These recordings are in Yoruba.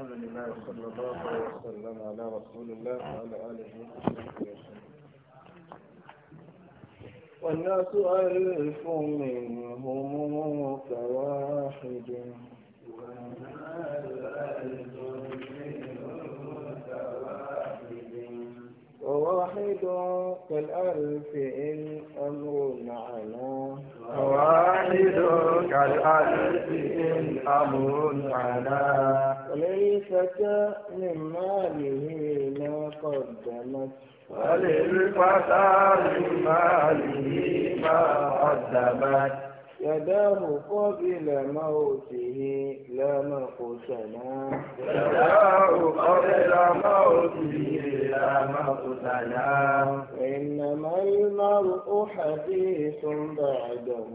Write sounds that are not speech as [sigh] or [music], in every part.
الحمد لله صلى الله عليه وسلم على رسول الله وعلى آله وصحبه وسلم والناس ألف منهم كواحد وواحد كالألف إن أمر على والد كالألف إن أمر على وللفتى من ماله ما قدمت وللفتى من ماله ما قدمت يدام قبل موته لا مقسنا يدام قبل موته لا مقسنا إنما المرء حديث بعده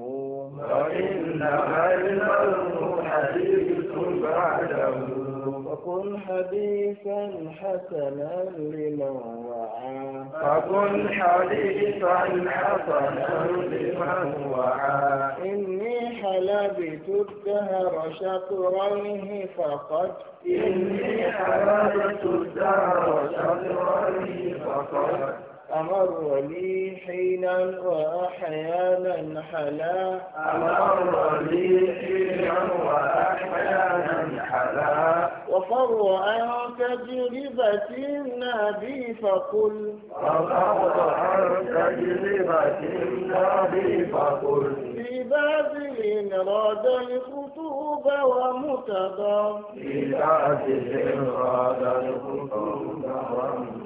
وإنما المرء حديث بعده فقل حديثا حسنا لمن وعى فقل حديثا حسنا لمن وعى إني حلبت الدهر شطرنه فقد إني حلبت الدهر شطرنه فقد أمر لي حينا وأحيانا حلا أمر لي حينا وأحيانا حلا وفر عن تجربة النبي فقل وفر عن تجربة النبي فقل في بازل راد الخطوب ومتضى في بازل راد الخطوب ومتضى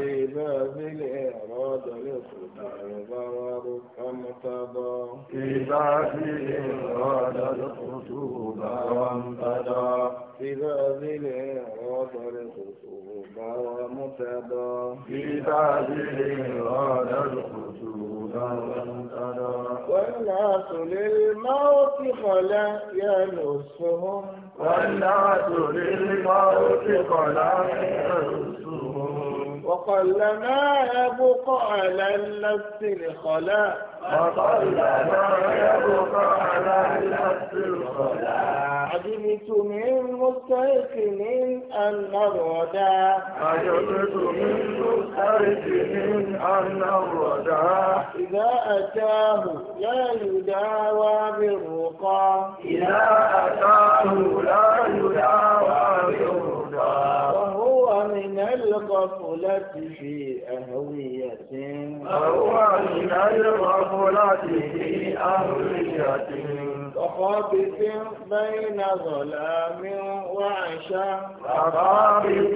إذا بالإعراض للخداع ضرر فمقتضى إذا بالإعراض للخطوب وانقضى إذا بالإعراض للخطوب ومقتضى إذا بالإعراض للخطوب وانقضى والناس للموت خلا ينصهم والناس للموت خلا ينصهم وقلما يبقى على النفس الخلاء وقلما يبقى على النفس الخلاء عجبت من مستيقن أن الردى عجبت من مستيقن أن الردى إذا أتاه لا يداوى بالرقى إذا أتاه لا يداوى بالرقى الغفلة في أهوية أهوى من الغفلة في أهوية كخابط بين ظلام وعشاء كخابط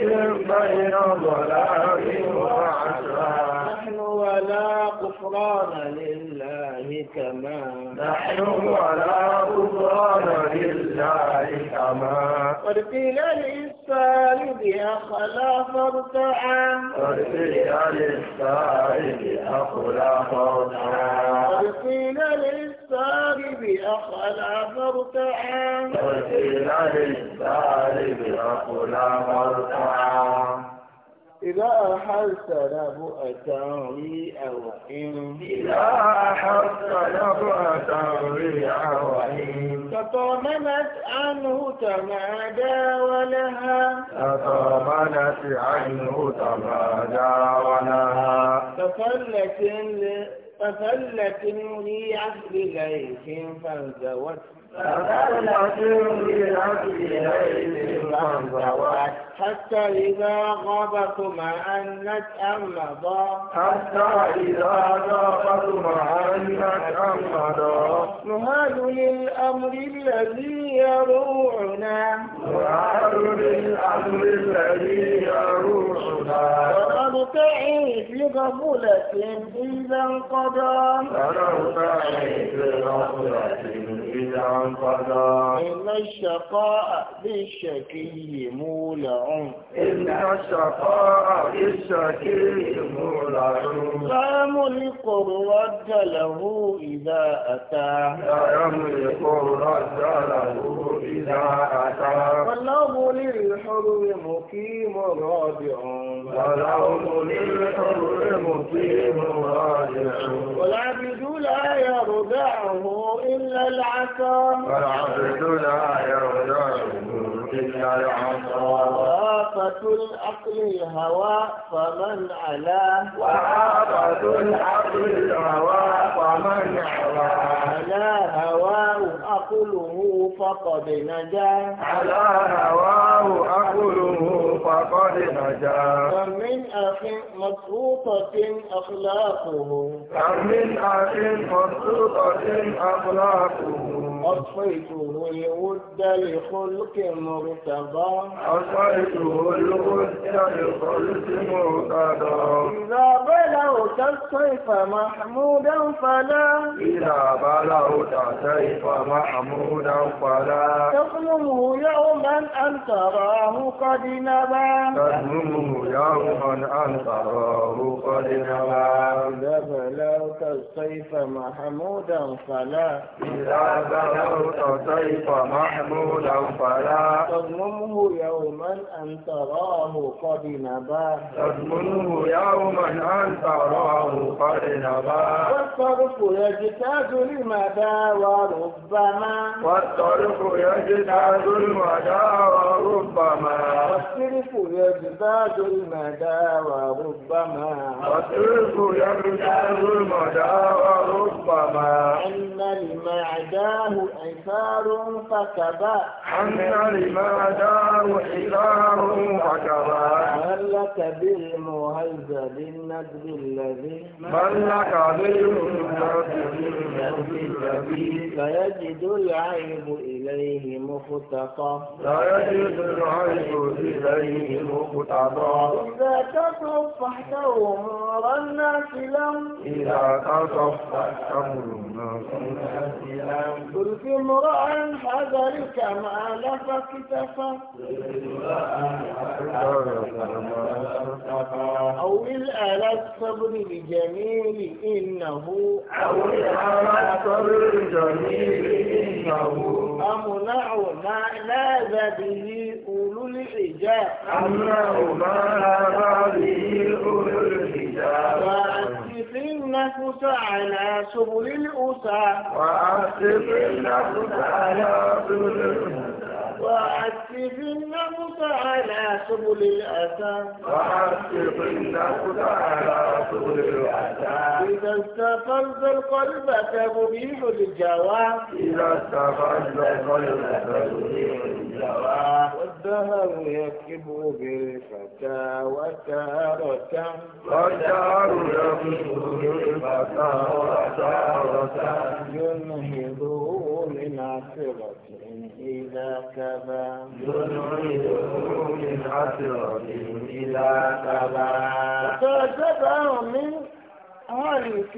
بين ظلام وعشاء نحن ولا غفران لله كما نحن ولا غفران لله كما قد قيل للسالب أخلا فارتعا أرسلها للسالب أخلا فارتعا أرسل للسالب أخلا فارتعا أرسل للسالب أخلا فارتعا إذا أرحلت نبؤة أو إن إذا أرحلت نبؤة أو إن تطمنت عنه تمادى ولها تطمنت عنه تمادى ولها تفلت تفلت لي عهد ليث فانزوت حتى إذا غابت أنت أم مضى حتى إذا غابت أنت أم مضى نهاد للأمر الذي يروعنا نهاد للأمر الذي يروعنا وقد في غفلة إذا انقضى فلو في غفلة إذا انقضى إن الشقاء بالشكي مولع إن الشقاء بالشكي مولع لا ملك الرد له إذا أتى لا يملك الرد له إذا أتى والله للحر مقيم رابع ولو للحر والعبد لا يردعه إلا العصا والعبد لا يرضعه إلا العصا وآفة العقل الهوى فمن علاه وآفة العقل الهوى فمن علاه على هواه akuluhu fakọ̀dé nàjà. aláhàwáhù akuluhu fakọ̀dé nàjà. kàmín àfin mọ̀tútọ̀tín akhlaquhu. kàmín àfin mọ̀tútọ̀tín akhlaquhu. أصفيته الود لخلق مرتضى أصفيته الود لخلق مرتضى إذا بلغت السيف محمودا فلا إذا بلغت السيف محمودا فلا تظلمه يوما أن تراه قد نبى تظلمه يوما أن تراه قد نبى إذا بلغت السيف محمودا فلا إذا له صوتيك محمودا فلا تضمنه يوما أن تراه قد نباه تضمنه يوما أن والطرف يجتاز المدى وربما والطرف يجتاز المدى وربما والطرق يجتاز المدى وربما والطرق يجتاز المدى وربما أن لمعداه عثار فكبا أن لمعداه عثار فكبا هلك بالمهذب النجم الذي من لك بالنجم فيجد العيب إليه مفتقا فيجد العيب إليه مفتقا إذا تصف تحته مر الناس لم إذا تصف تحته مر الناس لم قل في امرأ حذرك ما لفك تفا أو الأ على الصبر الجميل إنه أولى على الصبر الجميل إنه أمنع ما لاذ به أولو الحجاب أمنع ما لاذ به أولو الحجاب وأسف النفس على سبل الأسى وأسف النفس على سبل الأسى وعتب النفس على سبل الأسى وعتب النفس على سبل الأسى إذا استقلت القلب تبنيه الجوى إذا استقلت القلب تبنيه الجوى والدهر يكب بالفتى وتارة والدهر يكب بالفتى وتارة ينهضه من عثرة إذا كبا يدعوه من عثرة إذا كبا فكتبه من هلك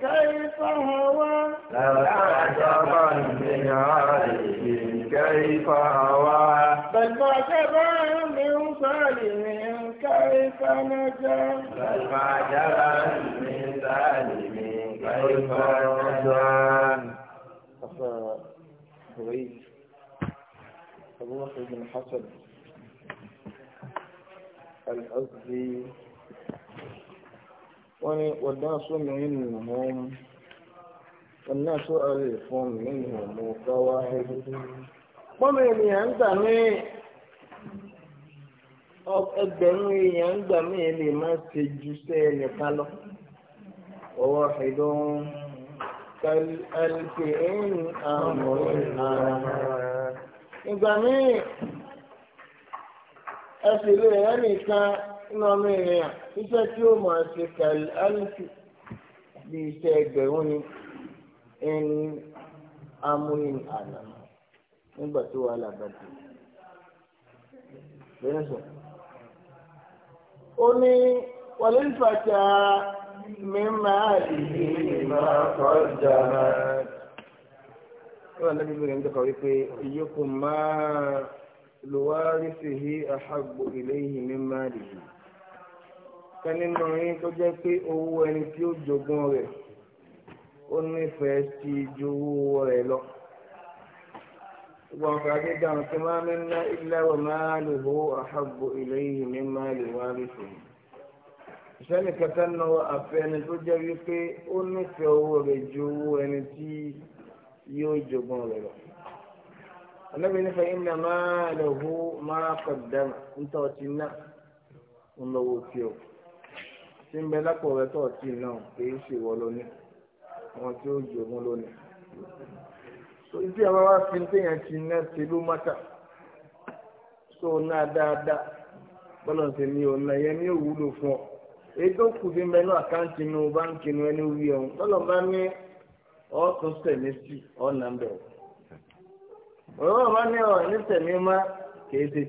كيف هوى فعجب من هلك كيف هوى بل معجب من سالم كيف نجا بل معجب من سالم كيف نجا صبوح بن حسد الأزدي والناس منهم والناس ألف منهم وقواعد ومن ينتمي أو الدنيا ينتمي لما سجسين قالوا وواحد كالألف إن أمر ìgbà míì ẹsẹ̀ ilé rẹ̀ nìkan nínú ọmọ ènìyàn iṣẹ́ tí ó máa ṣe kàlí alifi bí iṣẹ́ ẹgbẹ̀rún ni ẹni amúyìn àná nígbà tó wà lábàtì. ó ní wọlé ìfàjà mímọ́ àdìyí máa kọjá náà wọn ànábi bẹ̀rẹ̀ ń dọ̀kọ̀ wípé ìyókù máa lùwárí sí i àhàgbò ìléyìn ní máàlì yìí kẹ́nínú yín tó jẹ́ pé owó ẹni tí ó jogún rẹ̀ ó nífẹ̀ẹ́ sí ju owó rẹ̀ lọ gbogbo àwọn àti dáhùn tí máa ń ná ilé wa máa lè hó àhàbò ìléyìí ní máa lè wá rí fún un. ìṣẹ́ni kẹta náà àfẹ́ tó jẹ́ wípé ó nífẹ̀ẹ́ owó rẹ̀ ju owó ẹni tí yóò jogún rẹ̀ lọ. Ànábì nípa iná máa lọ hu máa kọ̀dámà níta ọtí náà ń lọ́wọ́ tí o. Tí ń bẹ lápò rẹ̀ tó ọtí náà kìí ṣe wọ lónìí. Àwọn tí ó jogún lónìí. So ibi àwọn wá fi téèyàn ti ná ti ló mọ́tà. So náà dáadáa bọ́lọ̀ ń ṣe ní ọ̀nà yẹn ní òwúlò fún ọ. Èdè òkú ti ń bẹ ní àkáǹtì nu báńkì nu ẹni wí ọ̀hún. Bọ́lọ̀ bá ní. all tẹ̀mí sí all numbers bẹ̀rẹ̀. ọ̀rọ̀ bá ní ní tẹ̀mí má kìí ṣe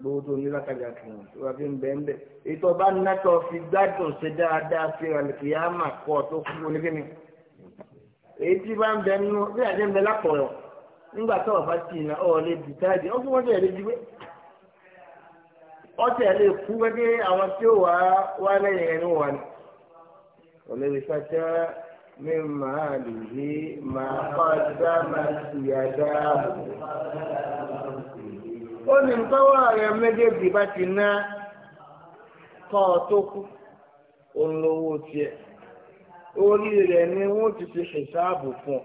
gbogbo tó ní lákàjà fún un tó bá fi ń ọba fi gbádùn ṣe dáadáa sí ìrànlẹ̀kì yá mà kọ́ tó kú oníkíni. èyí tí bá ń bẹ nínú bí àdé ń bẹ nígbà tó ọba lè ó fún wọn tẹ̀lé kú àwọn والذي فتى من ماله ما قدمت يداه ó ní nǹkanwá rẹ méjèèjì bá ti ná kọ́ ọ tó kú òun lówó tiẹ̀ orí rẹ ni wọ́n ti fi ṣèṣàbò fún ọ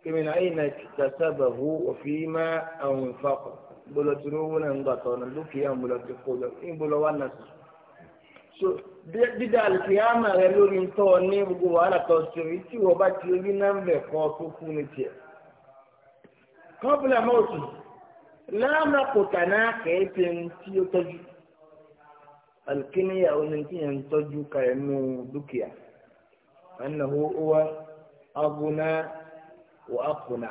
kìmìnà àyìnà ìtàsábàbù òfin máa àwọn ìfapò gbọlọtì lówó náà ń gbàtọ̀ ọ̀nà dúkìá ń gbọlọtì kó lọ ń gbọlọ wà náà sùn dídá àlùkìyàmà rẹ lórí ntọ́ ní gbogbo wàhálà tó ṣòro tí wọ́n bá ti rí nọ́mbẹ̀ kan tó kú ní tiẹ̀. kọ́bùlà mọ́ọ̀tù láàmà kò tàná kẹ́ẹ́tẹ̀ tí ó tọ́jú alkiniya oní tí yẹn ń tọ́jú kàrẹ́ nù dúkìá anahu uwa aguna wa akuna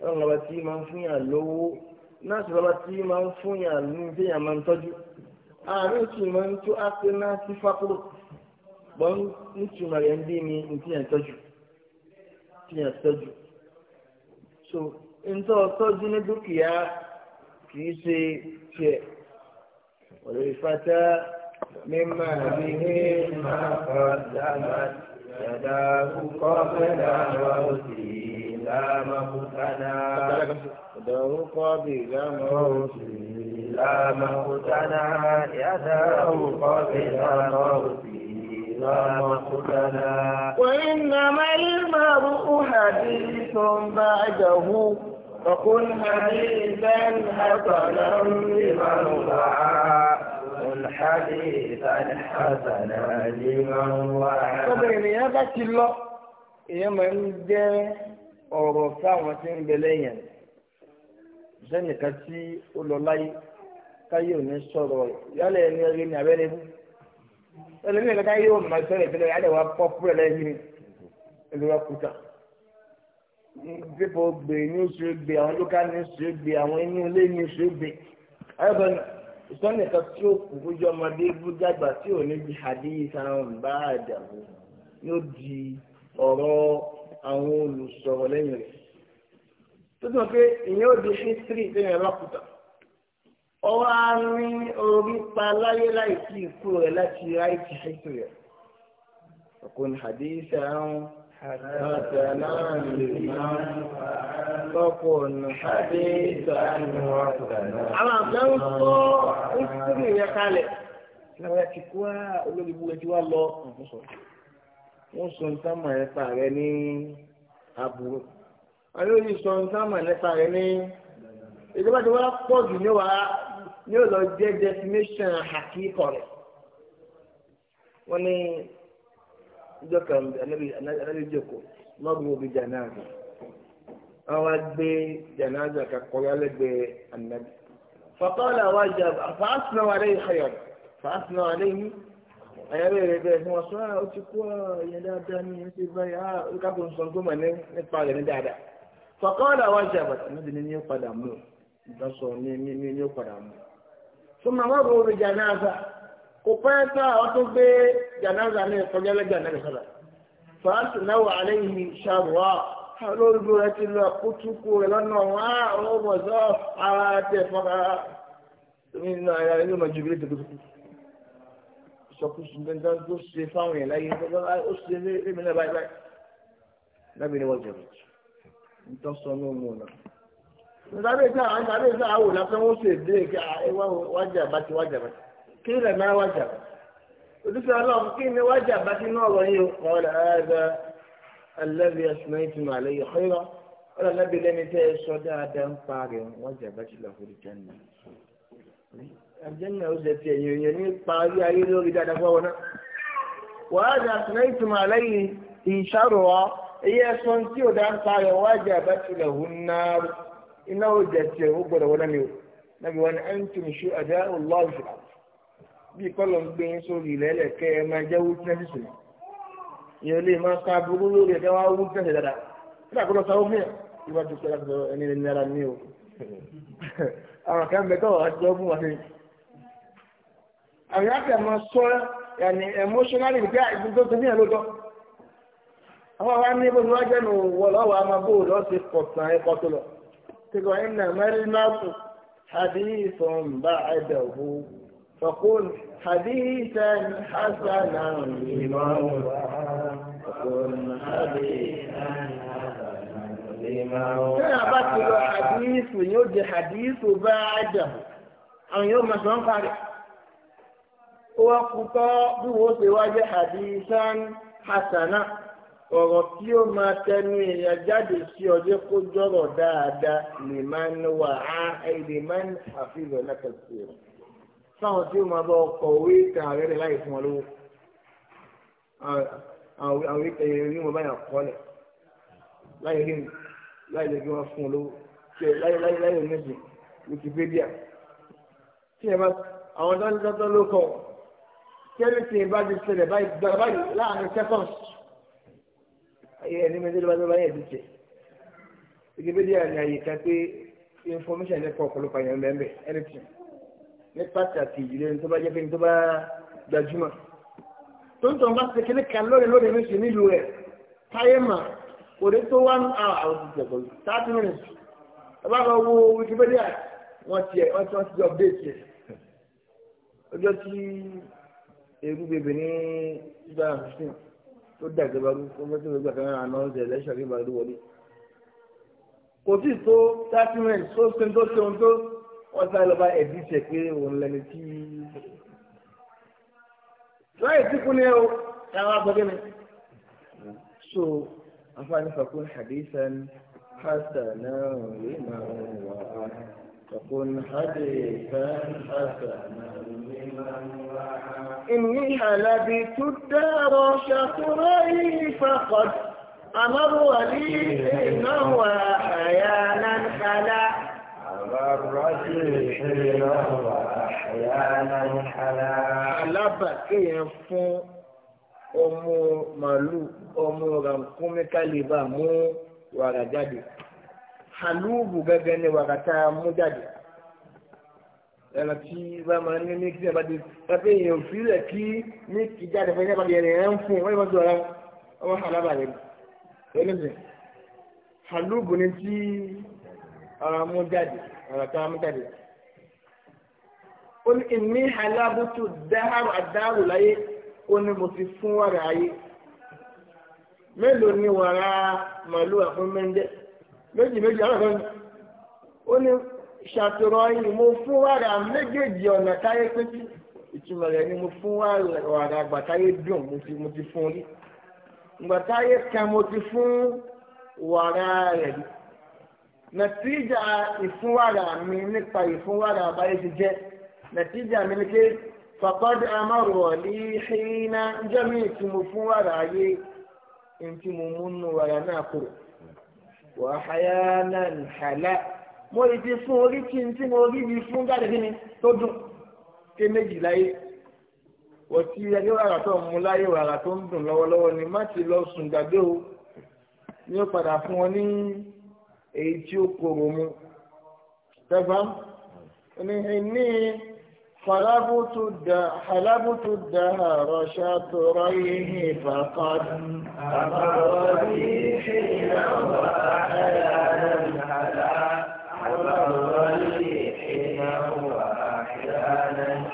ọ̀rọ̀ lọ́ba tí máa ń fún yàn lówó náà sì lọ́ba tí máa ń fún yàn lóyún tí yàn máa ń tọ́jú ààrẹ tí mo ń tó ápẹ́ná sí fákúrò gbọ́n nítumọ̀ rẹ̀ ń bí mi ní yẹn tọ́jú tí tọ́jú so ntọ́ tọ́jú ní dúkìá kìí ṣe tiẹ̀ ọ̀rẹ́ ìfata mímọ́ àbí ní máa kọ́ dáná yàrá kúkọ́ fẹ́ dáná ó sì yí. إذا مقتنا ذوق بلا موت إذا مقتنا يا ذوق بلا موت وإنما المرء حديث بعده فقل حديثا حسنا لمن وعى قل حديثا حسنا لمن وعى طبعا يا ذاك الله يا من جاء ọ̀rọ̀ sáwọn tí ń bẹ lẹ́yìn sẹ́nìkan tí ó lọ láyé káyé ò ní sọ̀rọ̀ yálẹ̀ ẹni ẹ̀rí ni abẹ́rẹ́ mú ẹlẹ́mìí kan táyé ò máa sọ̀rọ̀ ìpínlẹ̀ yálẹ̀ wa pọ̀ púrẹ̀ lẹ́yìn ẹ̀rí wa kúta pípọ̀ gbé ní oṣù gbé àwọn lókà ní oṣù gbé àwọn inú ilé ní oṣù gbé ayọ̀bọ̀n sọ́nìkan tí ó kù kójú ọmọdé gbúdàgbà tí ò ní di hadith àwọn bá àdàbò yóò di ọ̀rọ̀ àwọn olùsọ̀rọ̀ lẹ́yìn rẹ̀ tó tún pé ìyẹn ò di history lẹ́yìn alákùtà ọwọ́ á rí orí pa láyé láìsí ikú rẹ̀ láti ráìtì history rẹ̀ ọkùnrin hadisa ahun hasana liman ọkùnrin hadisa ahun hasana. àwọn àgbẹ̀ ń sọ history yẹn kalẹ̀ làwọn ti kú wá olórí ibùgbé tí wàá lọ wọ́n sọ ntámà nípa rẹ ní aburú àwọn yóò sọ ntámà nípa rẹ ní ìjọba tí wọ́n pọ̀ jù ní wàá ní ò lọ jẹ́ definition àkíkọ̀ rẹ̀ wọ́n ní ìjọ kan anábì jòkó lọ́gbọ̀n òbí jànáàzà wọ́n wá gbé jànáàzà kakọ̀ọ́ lẹ́gbẹ̀ẹ́ anábì fọ́kọ́ làwọn fàásùnà wà lẹ́yìn xayọ̀ fàásùnà wà lẹ́yìn. ẹ̀rẹ́ rẹ̀ bẹ́ẹ̀ ni wọ́n sọ ọ́ ah, ó ti kú ah, ìyẹn dáadáa ah, ní ìyẹn ti báyìí á káko ń sọ gómà nípa rẹ̀ ní dáadáa fọkànlá wa jẹ àbàtà níbi ni yóò padà mú sọ ní ní yóò padà mú. fún àwọn ọ̀rọ̀ orí jànáza kò pẹ́ tá àwọn tó gbé jànáza ní ìkọjá lẹ́gbẹ̀ẹ́ náà sọ̀rọ̀ fàásù sọkúsù gbẹ̀ngà tó ṣe fáwọn yẹn láyé ó ṣe lémi náà báyìí báyìí lábẹ́ ni wọ́n jẹ̀rọ̀ ń tọ́ sọ ní òun náà. Nígbàdé tí àwọn àgbàdé tí àwọn òlàfẹ́ wọn ṣe dé kí wájà bàtí wájà bàtí kí ni lẹ́nu wájà bàtí. Ojúṣe ọlọ́run kí ni wájà bàtí náà wọ̀ yìí kọ́ ọ̀la ẹ̀ẹ́dá alẹ́bí ẹ̀sùn ìtumọ̀ àlẹ́ yìí xírọ̀ àjẹ́nà ó ṣe ti ẹ̀yìn èèyàn ní parí ayé lórí dáadáa fọ́wọ́ náà wàhálà àtúnáìtùmọ̀ àlẹ́yìn ìṣàrò wa èyí ẹ̀sùn tí ò dáa ń parẹ̀ wájà àbátulẹ̀ hùn náà iná ó jẹ tiẹ̀ ó gbọ́dọ̀ wọ́n náà ni ó nàbí wọn ẹ̀ ń tún ṣe àdá ọlọ́ọ̀ṣù bí kọ́lọ̀ ń gbé sórí ilẹ̀ kẹ́ ẹ máa jẹ́ wútínẹ́sì sùn ìyẹn lè máa ka burú lórí ẹ̀ká wá wútínẹ́sì dáadáa nígbà kó lọ sáwó fún yà ìwádìí pẹ̀lú ẹni náírà ní o [laughs] àwọn kan bẹ àwọn akẹ́ máa sọ ẹni emotionally nígbà ìgbésẹ̀ tó ní ẹ̀lọ́tọ̀ àwọn àwọn ní ibùdó wọn jẹ́ nù wọlọ́wọ́ àmọ́ bó lọ́ọ́ ti kọ̀tàn ẹ̀kọ́ tó lọ. tẹ̀kọ̀ ẹ̀nà mẹ́rin máa kù حديث بعده فقل حديثا حسنا لموضع فقل حديثا حسنا لموضع كان حديث يجي حديث ó wá kú tọ́ bí wọ́n ṣe wá jẹ́ hadisan hasana ọ̀rọ̀ tí ó máa tẹnu èèyàn jáde sí ọjọ́ kó jọ̀rọ̀ dáadáa lè máa ń wà á lè máa ń àfihàn lẹ́kẹ̀sì rẹ̀. sáwọn tí ó máa bọ ọkọ̀ òwe ìtàn ààrẹ rẹ̀ láì fún ọ lówó àwọn ìtàn ìrìn rí wọn báyà kọ́lẹ̀ láì rí láì lè fi wọn fún ọ lówó ṣe láì láì láì lè mẹ́sì Wikipedia. tí ẹ bá àwọn dáńdọ́dọ́ ló kọ̀ wọ́n tẹ́lifí bá ti ṣẹlẹ̀ báyìí láàrin seconds ayé ẹni mi nílùú bá yẹ díjẹ wikipedia ní àyè kan pé information nípa ọ̀pọ̀lọpọ̀ àyàn bẹ́ẹ̀ anything ní pàtàkì ìdílé ní tó bá jẹ́ pé ní tó bá gbajúmọ̀ tó ń tọ́ bá ṣe kíní kan lórí lórí mi sì nílùú rẹ̀ táyé mà kò dé tó one hour àwọn ti jẹ̀bọ̀ thirty minutes ọba kan wo wikipedia wọ́n ti ẹ̀ ewu bèbè ní two thousand fifteen tó dàgbẹ́bà rú fún mẹ́tí gbogbo àtàwọn àna ọ̀sẹ̀ ẹlẹ́ṣọ̀ kí bàrú wọlé. kò tí ì tó thirty minutes tó ṣe tó ṣe ohun tó wọ́n sáré lọ́ba ẹ̀dí ṣe pé òun lẹni tí. láyé tí kú ni ẹ o ẹ̀rọ agbẹ́gẹ́ mi. so àǹfààní hadithan hasanah lè máa ń wà á. فكن حديثا حسنا إني لبثت الدار شطري فقد أمر لي إنه أحيانا خلا أمر لي إنه أحيانا خلا alábàkéyẹ fún ọmọ màlúù ọmọ rànkúnmí kálíbà mú wàrà jáde halubu gẹ́gẹ́ ni wàkàtà mú jáde ẹ̀rọ tí bá máa ní ní kíkẹ́ bá di pàtẹ́ èèyàn fílẹ̀ kí ní kí jáde fún yẹn bá di ẹni ẹ̀ ń fún wọ́n yóò sọ̀rọ̀ ọmọ halaba rẹ̀ ẹni sẹ̀ halubu ni tí ara mú jáde wàkàtà ó ní ìní halabu tó dáhàrò àdáhàrò láyé ó ní mo ti fún wàrà ayé mélòó ni wàrà màlúù àfúnmẹ́ńdẹ́ méjì méjì ọlọ́kan ó ní ṣàtòrọ yìí mo fún wàrà méjèèjì ọ̀nà táyé pétí ìtumọ̀ rẹ̀ ni mo fún wàrà àgbà táyé dùn mo ti fún rí ìgbà táyé kan mo ti fún wàrà rẹ̀ rí nàtíjà ìfúnwàrà mi nípa ìfúnwàrà àbáyé ti jẹ́ nàtíjà mi ni pé fàkọ́dé amárùwọ̀ ní ṣẹ́yìn náà jẹ́mi ìtumọ̀ fún wàrà ayé ìtumọ̀ múnú wàrà náà kúrò wàhálà nàìjíríà mo rí ti fún orí kí n tí mo rí mi fún jáde kí ni tó dùn ké méjì láyé wọ́n ti ẹgbẹ́ wàrà tó ń mu láyé wàrà tó ń dùn lọ́wọ́lọ́wọ́ ni má ti lọ sùn gbàgbé o ni padà fún wọn ní èyí tí ó korò mu. Tẹ̀fọ́n ní ní. طلبت حلبت الدهر شطريه فقد أمر لي حينا وأحيانا حلا أمر لي حينا وأحيانا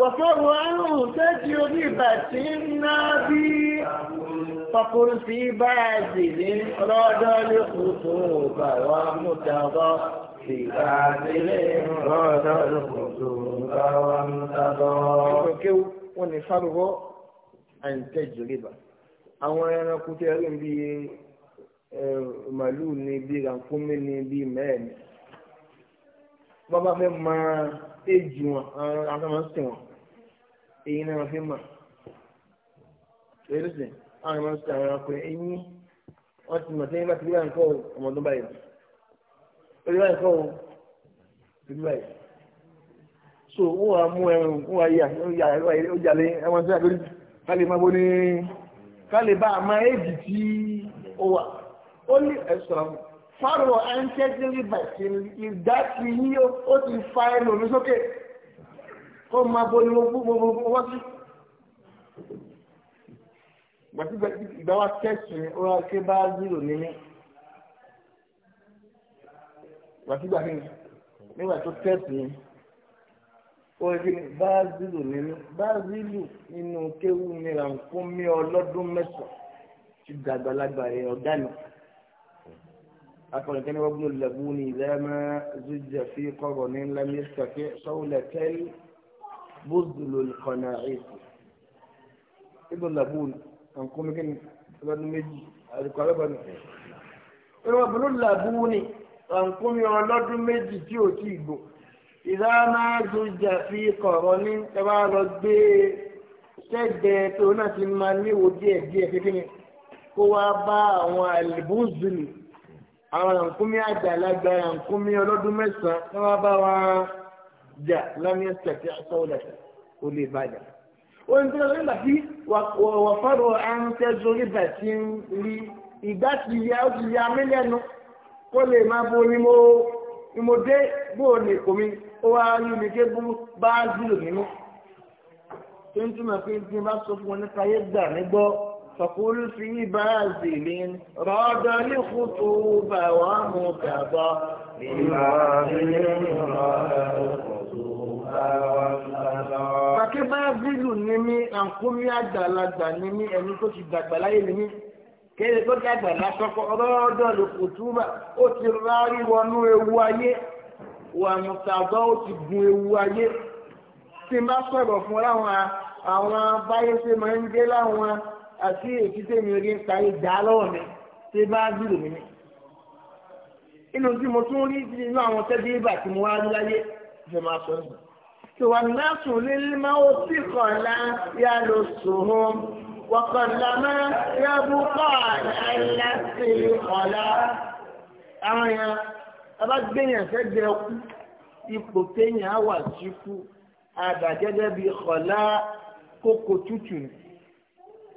وفر وفرعه تجربة النبي فقل في بعزل راد الخطوب ومتغطى ìkọ̀kéwú wọ́n ní fárúbọ́ àìntẹ́jìrìbà àwọn ẹranko tí ẹrí bí màlúù ni bí ràǹfómi ni bí mẹ́ẹ̀ni wọ́n bá fẹ́ mọ éjì wọn àwọn sìn wọn èyí náà fi mọ̀ lórí sìn àwọn ẹranko ẹ̀yìn wọ́n ti mọ̀ sí ẹ̀yìn bá ti rí àǹkọ́ ọmọdún báyìí orí báyìí kọ́ o orí báyìí so wọ́n wá mú ẹrù wọ́n wá yà ó yà ó jà lé ẹwọ́n sí àgbélé ká lè máa ní ká bá a máa éjì tí ó wà ó ní ẹ̀sọ́ fáwọn ancestry vaccine ìdásí yìí ó ti fa ẹlòmí sókè kó máa bó ní gbogbo wọ́n sí gbàtígbàtí ìgbà wa tẹ̀sí ó wá zero níní wàtígbà ní nígbà tó tẹ́ẹ̀tì yẹn ó rí báàzílù nínú báàzílù nínú kéwù ní rànkúnmí ọlọ́dún mẹ́sàn-án ti dàgbàlagbà yẹn ọ̀gá ni akọ̀rọ̀ kẹ́ni wọ́n gbọ́dọ̀ lẹ́bù ní ìlẹ́mà zújà fi kọ̀rọ̀ ní lámì sàkẹ́ sọ́wọ́lẹ̀ tẹ́lí bózùlù kọ̀nà èsì ibùdó lẹ́bù rànkúnmí kẹ́ni ọlọ́dún méjì àdìkọ̀ alọ́bàánu. ìrọ̀bùnú lẹ́bù ni ọ̀nkúnmi ọlọ́dún méjì tí ò tí ì gbò ìdá máa dùjà fi kọ̀rọ̀ ní ẹ bá lọ gbé sẹ́gbẹ̀ẹ́ tó náà ti máa níwò díẹ̀ díẹ̀ kékeré kó wá bá àwọn àlìbùzùlù àwọn ọ̀nkúnmi àgbàlagbà ọ̀nkúnmi ọlọ́dún mẹ́sàn-án tó wá bá wa jà lámìí ẹ̀sẹ̀ tí a sọ̀rọ̀ kò lè bàjẹ́ ohun tí wọ́n gbàgbé à ń tẹ́jú rí bàtí ń rí ìgbà ti ya ó ti ya mílíọ̀nù kó lè máa bo ni mo ni mo dé bóò ní èkó mi ó wá rí mi dé bú bá zílò nínú tó ń túmọ̀ pé bí wọ́n bá sọ fún wọn nípa ayé gbà mí gbọ́ fọkùrú sí ibà zèlè rọ́ọ̀dọ̀ ní kùtù bà wà mú gàgbọ́. ìgbà mi ní ìrọ̀lẹ́ kùtù bà wà mú gàgbọ́. Kàkébá zílù ni mí, àǹkómi àgbàlagbà ni mí, ẹni tó ti dàgbà láyé ni mí kéde tó dàgbà lásọkọ ọlọ́dọ̀ ló kò túmọ̀ ó ti rárí wọnú ewu ayé wà mùsàgbọ́ ó ti gun ewu ayé tí n bá sọ̀rọ̀ fún láwọn àwọn báyé ṣe máa ń dé láwọn àti èkìtẹ́ mi rí ń parí dá lọ́wọ́ mi tí bá dúró mi ní. inú tí mo tún rí nínú àwọn tẹ́bí ibà tí mo wá rí láyé ṣe máa sọ nígbà. tòwà náà sùn lílí máa ó sì kọ̀ ńlá yá lọ hàn. وقلما يبقى على نفسه خلا àwọn èèyàn abágbéyàn sẹ́gbẹ̀ẹ́ kú ipò téèyàn á wà sí kú àdàgẹ́gẹ́ bíi kọ̀lá kókò tútù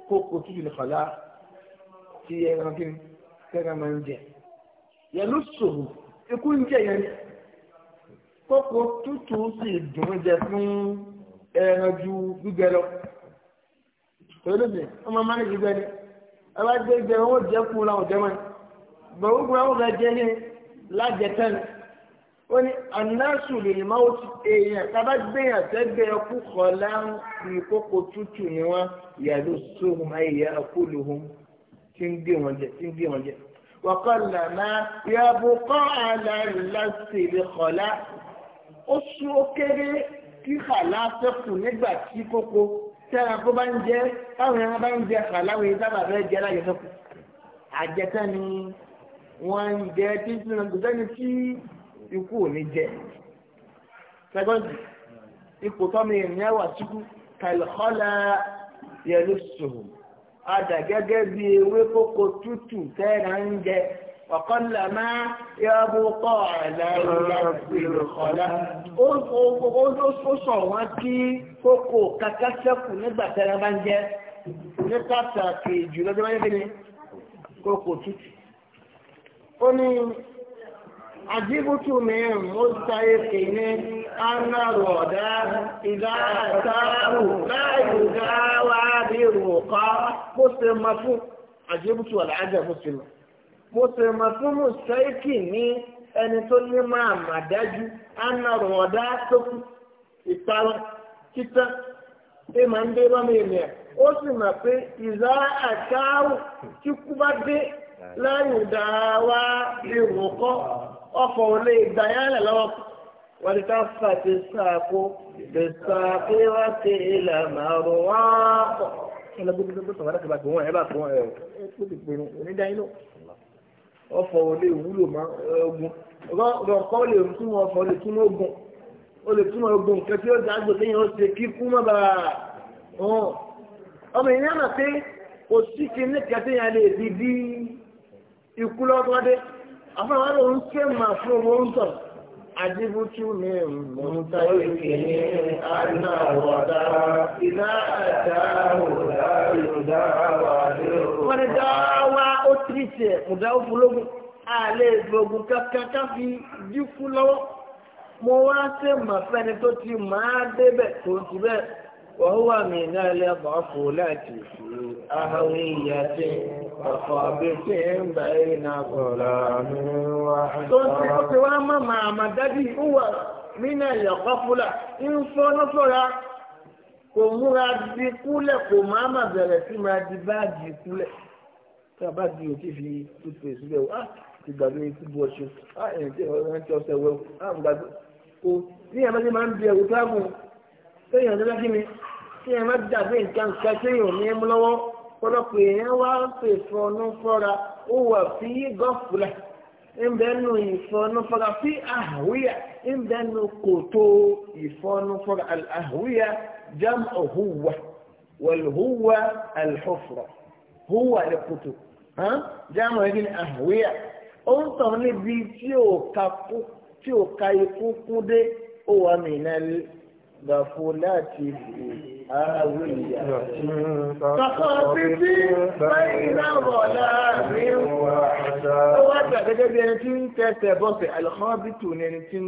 kókò tútù ní kọ̀lá tí ẹran kí kẹ́kẹ́ máa ń jẹ. yẹ̀lú sòrò ikú ń jẹ yẹn kókò tútù sì dùn jẹ fún ẹran ju gbígbẹ lọ olóògbé wọn máa mánéjì gbẹ ni ẹ bá gbé gbẹ wọn ò jẹ kú làwọn jẹ wọn gbọwọ gbọwọ wọn bẹ jẹ ní lájẹ tán ó ní anásù lèlè máa ó ti èèyàn tábà gbéyàn tẹgbẹ ẹkú kọlá ní kókó tútù ni wọn yàrá sóhun ayẹyẹ akólóhun tí ń gbé wọn jẹ tí ń gbé wọn jẹ. وقلما يبقى على اللبس بخلاء ó sún ó kéré kí kàlá sẹ́kù nígbà tí kókó tí ẹranko bá ń jẹ táwọn ẹran bá ń jẹ àláwọ̀ yìí sábà fẹ́ jẹ alájẹsọ́kù àjẹtán ni wọ́n ń jẹ títí náà kò sẹ́ni tí ikú ò ní jẹ. sẹ́gọ́ndì ipò tọ́mi ènìyàn wà síkú kàlùkọ́lá yẹlú sòrò adà gẹ́gẹ́ ewé kókó tútù tẹ́ẹ̀rán ń jẹ. وقل ما يبقى على رب الخلاء ó sọ wọn kí kókò kàkà sẹ́kù nígbà tẹ́lẹ̀ bá ń jẹ́ ní pàtàkì jùlọ tó bá yẹ́ kíni kókò tútù ó ní àjíbútù mi mo ta èkè ní anáró ọ̀dá ìdá àtàrù bí rò bó ṣe máa fún àjíbútù àlàájá bó ṣe lọ mo sì mọ̀ fún mùsẹ́ẹ̀kì ní ẹni tó ní máa mà dájú anarun ọ̀dá tó kú ìparun títán pé màá ń dé bámi ènìyàn ó sì mọ̀ pé ìzá àkáwù tí kú bá dé lẹ́yìn ìdáwà ìwò kọ́ ọkọ̀ ò lè gbà yálẹ̀ lọ́wọ́ wọ́n ti ká fàtí sáàkó lè sáàkó wá sí ilẹ̀ màrún wá pọ̀. ẹ lọ gbogbo gbogbo sọ̀rọ̀ láti bá tó wọn ẹ bá tó wọn ẹ ó ti pinnu onídàá inú ọ̀fọ̀ ò lè wúlò mọ́ ogun ọ̀kọ́ ò lè túmọ̀ ọ̀fọ̀ ò lè túmọ̀ ogun ò lè túmọ̀ ogun nǹkan tí ó dá gbò téèyàn ó ṣe kí kú mọ́ bàrà hàn ọmọ ìyá náà pé kò sí kí ní kẹtẹ́ yẹn lè di bí ikú lọ́dọ́dé àfọwọ́n ló ń ké mà fún owó ń sọ̀rọ̀. أجبت من ممتلك أن الوداع إذا أتاه لا يداوى ونداوى أتريت مداوى فلوغ àlẹ́ ìgbògun kankan ká fi dínkù lọ́wọ́ mo wá sí màfẹ́ni tó ti máa وهو من الضفلة في أهوية وصابت بين ظلام وحسرة nínú ẹ̀yọ̀ kọ́fúlà ń fọ́nà fọ́ra kò múra di kúlẹ̀ kò máa mà bẹ̀rẹ̀ sí máa di báàgì kúlẹ̀ tí a bá di òkè fi túpè sílẹ̀ o ah ti gbàgbé ikú bọ̀ ṣe ah ẹ̀yìn tí ọ̀rẹ́ ń tẹ́ ọ̀sẹ̀ wẹ̀ kéèyàn tó lọ́kí mi kí ẹ má dàbí nǹkan kan kéèyàn ní mú lọ́wọ́ pọ̀lọpọ̀ èèyàn wá ń pè fọnú fọ́ra ó wà fi gọ́fùlà ń bẹ́ nu ìfọnú fọ́ra fi àhùyà ń bẹ́ kòtò ìfọnú fọ́ra àhùyà jam òhùwà wàlúhùwà àlùfọ́fọ́rọ̀ hùwà lè kòtò jam òhùwà àhùyà ó ń tàn níbi tí ò ka ikú kú dé ó wà mí náà lé. دفنته آوية كخاطب بين ظلام وحساب ó wá gbà gẹ́gẹ́ bí ẹni tí ń tẹsẹ̀ bọ́sẹ̀ alìkọ́bìtù ni ẹni tí ń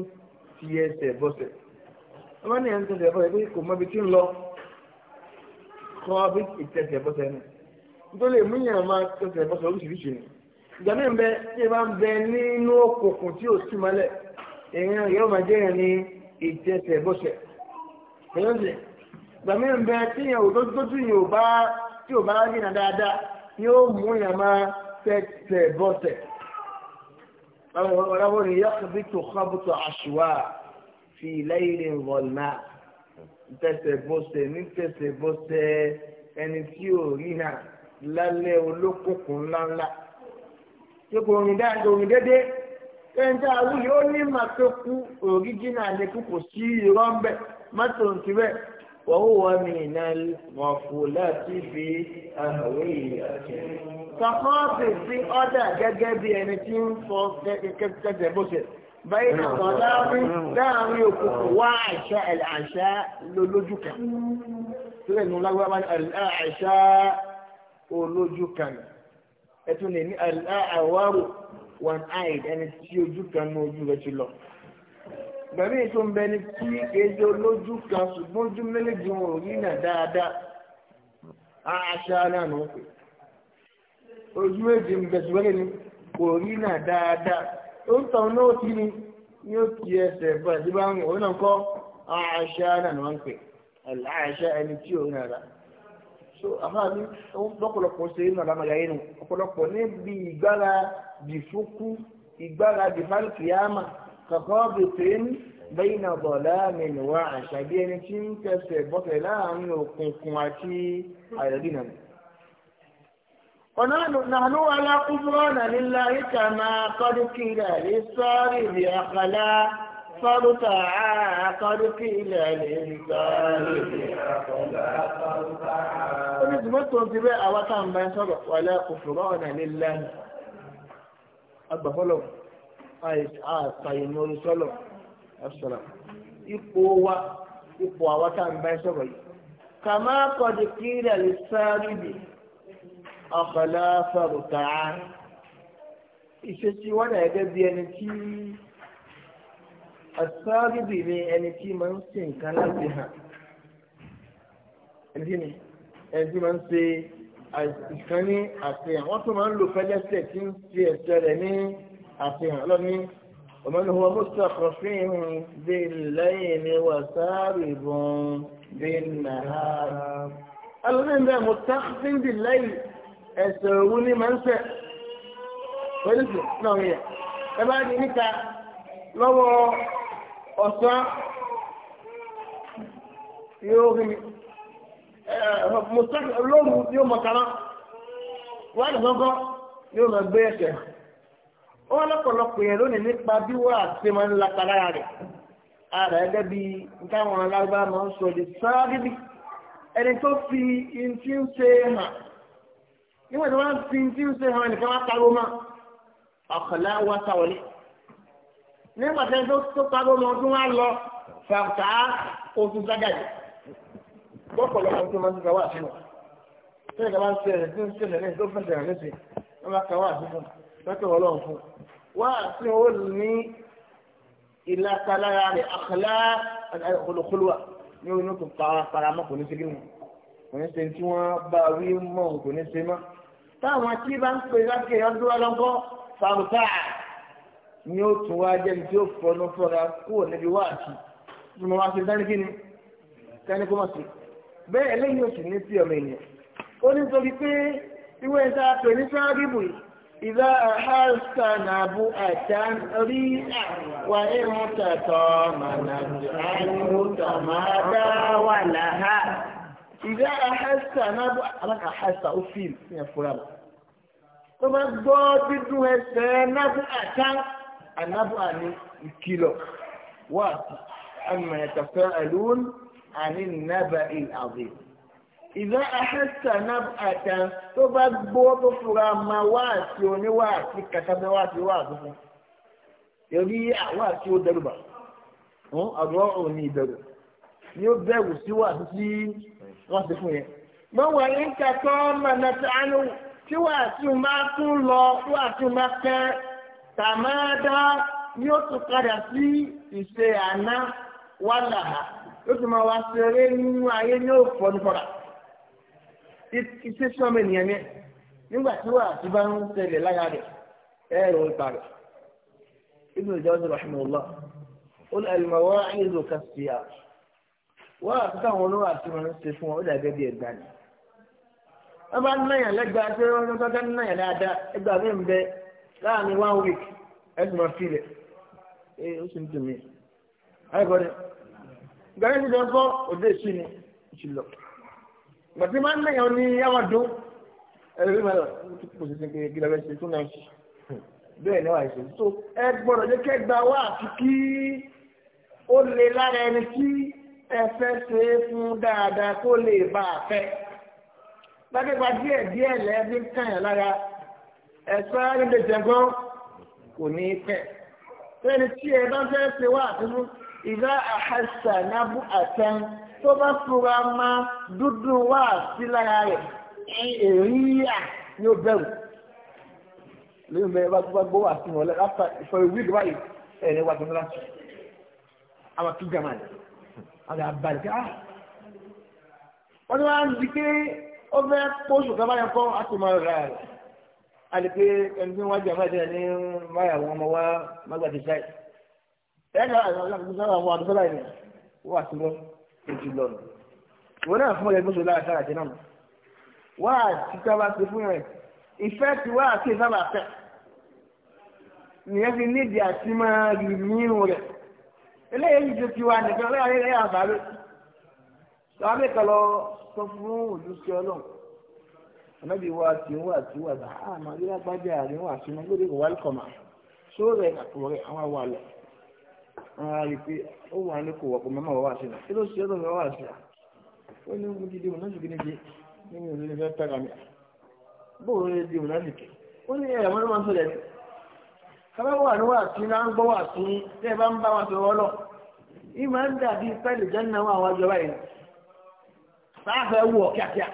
fi ẹsẹ̀ bọ́sẹ̀ wọ́n ní ẹni tẹsẹ̀ bọ́sẹ̀ pé kò mọ ibi tí ń lọ kọ́bìtù ìtẹsẹ̀ bọ́sẹ̀ ni nítorí èmi yàn máa tẹsẹ̀ bọ́sẹ̀ oríṣiríṣi ni ìgbà mi bẹ tí ẹ bá ń bẹ nínú òkùnkùn tí ò sí mọ́lẹ̀ èèyàn yóò máa yẹn ní ìtẹsẹ̀ bọ́sẹ̀ èyàn sì gbàmí ń bẹ tí yẹn ò tójú yìí ò bá tí ò bá yìnà dáadáa ni ó mú yẹn máa tẹ̀tẹ̀ bọ́tẹ̀. ọlọ́wọ́ ni yọkùnbí tó kábùtò àṣùwà fi lẹ́yìn ìrọ̀lá tẹ̀tẹ̀ bọ́tẹ̀ ní tẹ̀tẹ̀ bọ́tẹ̀ ẹni tí ò rí náà lálẹ́ olókùnkùn ńláńlá. ṣé kò dáadáa òrìn dédé kẹ́ńtà awúyẹ́ ó ní màá òrìjínà àdékù kò sí irọ́ mọ́tò ń tibẹ̀ wọ́n wọ́n mi iná mọ̀fù láti fi àwẹ̀ ìyàtọ̀. sọ̀kọ́ọ̀sì sí ọ́dà gẹ́gẹ́ bí ẹni tí ń fọ kẹ́kẹ́ bóṣẹ̀ báyìí nàkọ́ láàrin òkùnkùn wá àṣà àṣà lójú kan sílẹ̀ nù lágbára àṣà olójú kan ẹtù lè ní àwárò one eye ẹni tí ojú kan ní ojú rẹ ti lọ bẹ̀rẹ̀ ètò ń bẹ ní tí ejò lójú kan ṣùgbọ́n ojú méjèèjì wọn ò rí náà dáadáa àṣà náà ló ń pè ojú méjì ń bẹ ṣùgbọ́n ní kò rí náà dáadáa ó ń tàn náà tí ni ni ó ti ẹsẹ̀ bọ̀ ẹ̀dí bá ń wọ̀ náà kọ́ àṣà náà ló ń pè àṣà ẹni tí ò náà rà so àfáàní lọ́pọ̀lọpọ̀ ṣe inú àlámàyà inú ọ̀pọ̀lọpọ̀ níbi ìgbára dìfúkú ìgbára dìfálìkìyàmà kọ̀kọ́bìtín bẹ́yìn àbọ̀lá mẹ́nuwá àṣàbí ẹni tí ń tẹsẹ̀ bọ́tẹ̀ láàrin òkùnkùn àti àyọ̀dínà. ọ̀nà nàánú alákùnfọ́nà nílá yíká máa kọ́dún kí ilẹ̀ rí sọ́ọ̀rì rí àkàlà fọ́rùtà àkọ́dún kí ilẹ̀ rí sọ́ọ̀rì rí àkàlà fọ́rùtà. ó ní tó ń ti bẹ́ àwọn táwọn bá ń sọ̀rọ̀ wọlé kùfùrọ̀ ọ̀nà nílá àṣàyẹ̀mọ́rú sọ́lọ̀ ọ̀ṣọ́lá ipò wa ipò àwa tá à ń bá ẹ sọ̀rọ̀ yìí. kàmá kọ̀dí kílẹ̀ lè sáré bì ọ̀kọ̀lá fọ̀rùtà ìṣesí wọn náà gẹ́gẹ́ bí ẹni tí ọ̀sáré bì ni ẹni tí máa ń ṣe nǹkan láti hàn ẹni ni ẹni tí máa ń ṣe ìkànnì àti àwọn tó máa ń lò fẹ́lẹ́sẹ̀ tí ń ṣe ẹ̀sẹ̀ rẹ̀ ní. حسين علمي ومن هو مستخرفين بالليل وسارب بالنهار الذين ذا مستخرفين بالليل أسعوني منسى ولسه نعم يا كبار إنك لو أصع يوغي آه، مستخرف لو يوم مكانا وانا فوقه يوم البيت ó wá lọ́pọ̀lọpọ̀ yẹn lónìí nípa bí wọ́n àti máa ń lapa lára rẹ̀ ara ẹgbẹ́ bí táwọn alágbá máa ń sọ di sáábíbí ẹni tó fi ntí ń ṣe hàn níwọ̀n tí wọ́n fi ntí ń ṣe hàn nìkan wá pariwo mọ́ ọ̀kànlá wá sáwọlé nígbà tí wọ́n tó pariwo mọ́ tí wọ́n lọ fàǹtà oṣù sájàdì lọ́pọ̀lọpọ̀ tí wọ́n ti kà wá àfihàn tí wọ́n ti ń ṣe ẹ̀ tí wọ́n ti ṣe ẹ̀ lẹ́yìn tó fẹsẹ̀ lọ́tọ̀ ọlọ́run fún wá sí owó ní ìlàkàlára rẹ̀ àkàlà olùkọlùwà ní oyún kò paramọ́ kò ní ṣe kíni kò ní ṣe tí wọ́n bá wí mọ́ kò ní ṣe mọ́ táwọn tí bá ń pè láti ẹ̀yọ́ dúró lọ́kọ́ fàrùtà ni ó tún wá jẹ́ ní tí ó fọnú fọra kúrò níbi wáàsí tí mo wá ṣe dání kíni kání kó má ṣe bẹ́ẹ̀ lẹ́yìn oṣù ní sí ọmọ ènìyàn ó ní torí pé ìwé ìta pè ní sáà bíbù yìí إذا أحس نبوءة ريئة وإن تطامن عنه تمادى ولها إذا أحس نبوءة أنا أحس أفيل يا فلان ثم الضوء بدو هسه نبوءة النبوءة الكيلو واحد أما يتساءلون عن النبأ العظيم ìdá ahẹ́sà náà àtà tó bá gbọ́ tó fura ma wá àti oníwà àti kàtàbí wá àti wá àti fún èrí àwọn àti ó dẹrù bà fún àbúrò òun ìbẹ̀rù ni ó bẹ̀rù sí wà sí wọ́n ti fún yẹn. mo wà ní kàtọ́ mọ̀nàtà ánú tí wà tí o máa tún lọ wà tí o máa kẹ́ tàmáàdá ni ó tún padà sí ìṣe àná wàlàhà ó tún máa wá ṣeré nínú ayé ní òfò nípa rà. títí sọmọ ènìyàn yẹn nígbà tí ti bá ń ṣẹlẹ̀ lára rẹ̀ ẹ rò ipa rẹ̀ ibùdó jọ́sọ̀ rahimahullah ó ní àlùmọ̀wá ìlú kàṣíyà wọ́n àti káwọn olówó àti wọn ṣe fún wọn ó dàgẹ́ bí ẹgbà ni. wọ́n bá ń náyà lẹ́gbàá wọ́n ń ń náyà dáadáa ẹgbàá ń bẹ láàrin one week ẹ̀sùn máa fi lẹ̀ ẹ ó sì ń dùn mí. ti dẹ́ fọ́ òde ìsú ni gbàtí máa ń lẹ́yìn ní yàmàdún ẹ̀rọ ìmọ̀ ẹ̀rọ tó kò sí sẹ́kẹ̀ gíga bẹ́ẹ̀ ṣe tó náà ṣe bẹ́ẹ̀ ni wàá ṣe tó ẹ gbọ́dọ̀ jẹ́ kẹ́ gba wá àti kí ó lè lára ẹni tí ẹ fẹ́ ṣe é fún dáadáa kó lè bá a fẹ́ lágbègbà díẹ̀ díẹ̀ lẹ́ẹ̀bí ń kàyàn lára ẹ̀sọ́ nílé jẹ̀gán kò ní í fẹ́ sẹ́ni tí ẹ bá fẹ́ ṣe wá àti fún ìdá àhàṣà nábù àtẹ́ńtì tó bá fura ma dúdú wá sí lára rẹ̀ èrí à ní ó bẹ̀rù lóyún bẹ́ẹ̀ bá tó bá gbọ́ wá sí wọn lẹ́yìn after for a week báyìí ẹ̀ ní wà tó ńlá àwọn tó gàmà ní àwọn àbálẹ̀ kí á wọ́n ti máa ń di pé ó fẹ́ kóṣù kan báyẹn kọ́ àti máa rà rẹ̀ àti pé ẹni tí wọ́n jẹ́ àmọ́ ìdílé ní máyà wọn ọmọ wa má gbàdúrà ẹ̀ ẹ̀ ní àwọn àdúgbò èjì lọ́nà ìwọ náà fún ọ̀rẹ́ gbóṣù lára sára jẹ náà wá títà bá ti fún rẹ̀ ìfẹ́ ti wá àti ìsábà fẹ́ nìyẹn fi nídìí àti máa rì nínú rẹ̀ eléyìí ti ti wá nìkan lẹ́yìn ayé àbálẹ́ sọ́wọ́n mi kàn lọ sọ fún òjúṣe ọlọ́run ànábì wa ti wà tí wà bá a máa rí lágbájá rẹ̀ wà sí ọmọ gbọ́dọ̀ wà lọ́kọ̀ọ́mà sóòrè àkùrẹ́ àwọn àwọn àlọ́. àwọn àrífi ó wà ní kò wọ̀pọ̀ mọ́mọ́ wà sí kí ló ṣe é lọ́wọ́ wà sí ó ní mo ti di òun lásìkò níbi ní mi ní fẹ́ tẹ́ra mi bóòrò lè di òun lásìkò ó ní ẹ̀rọ ló máa ń sọ̀rọ̀ ẹ̀mí kábà wà ní wà náà ń gbọ́ wà sí tẹ́ ẹ bá ń bá sọ̀rọ̀ lọ yìí máa ń dàbí jẹ́nà wọn àwọn kíákíá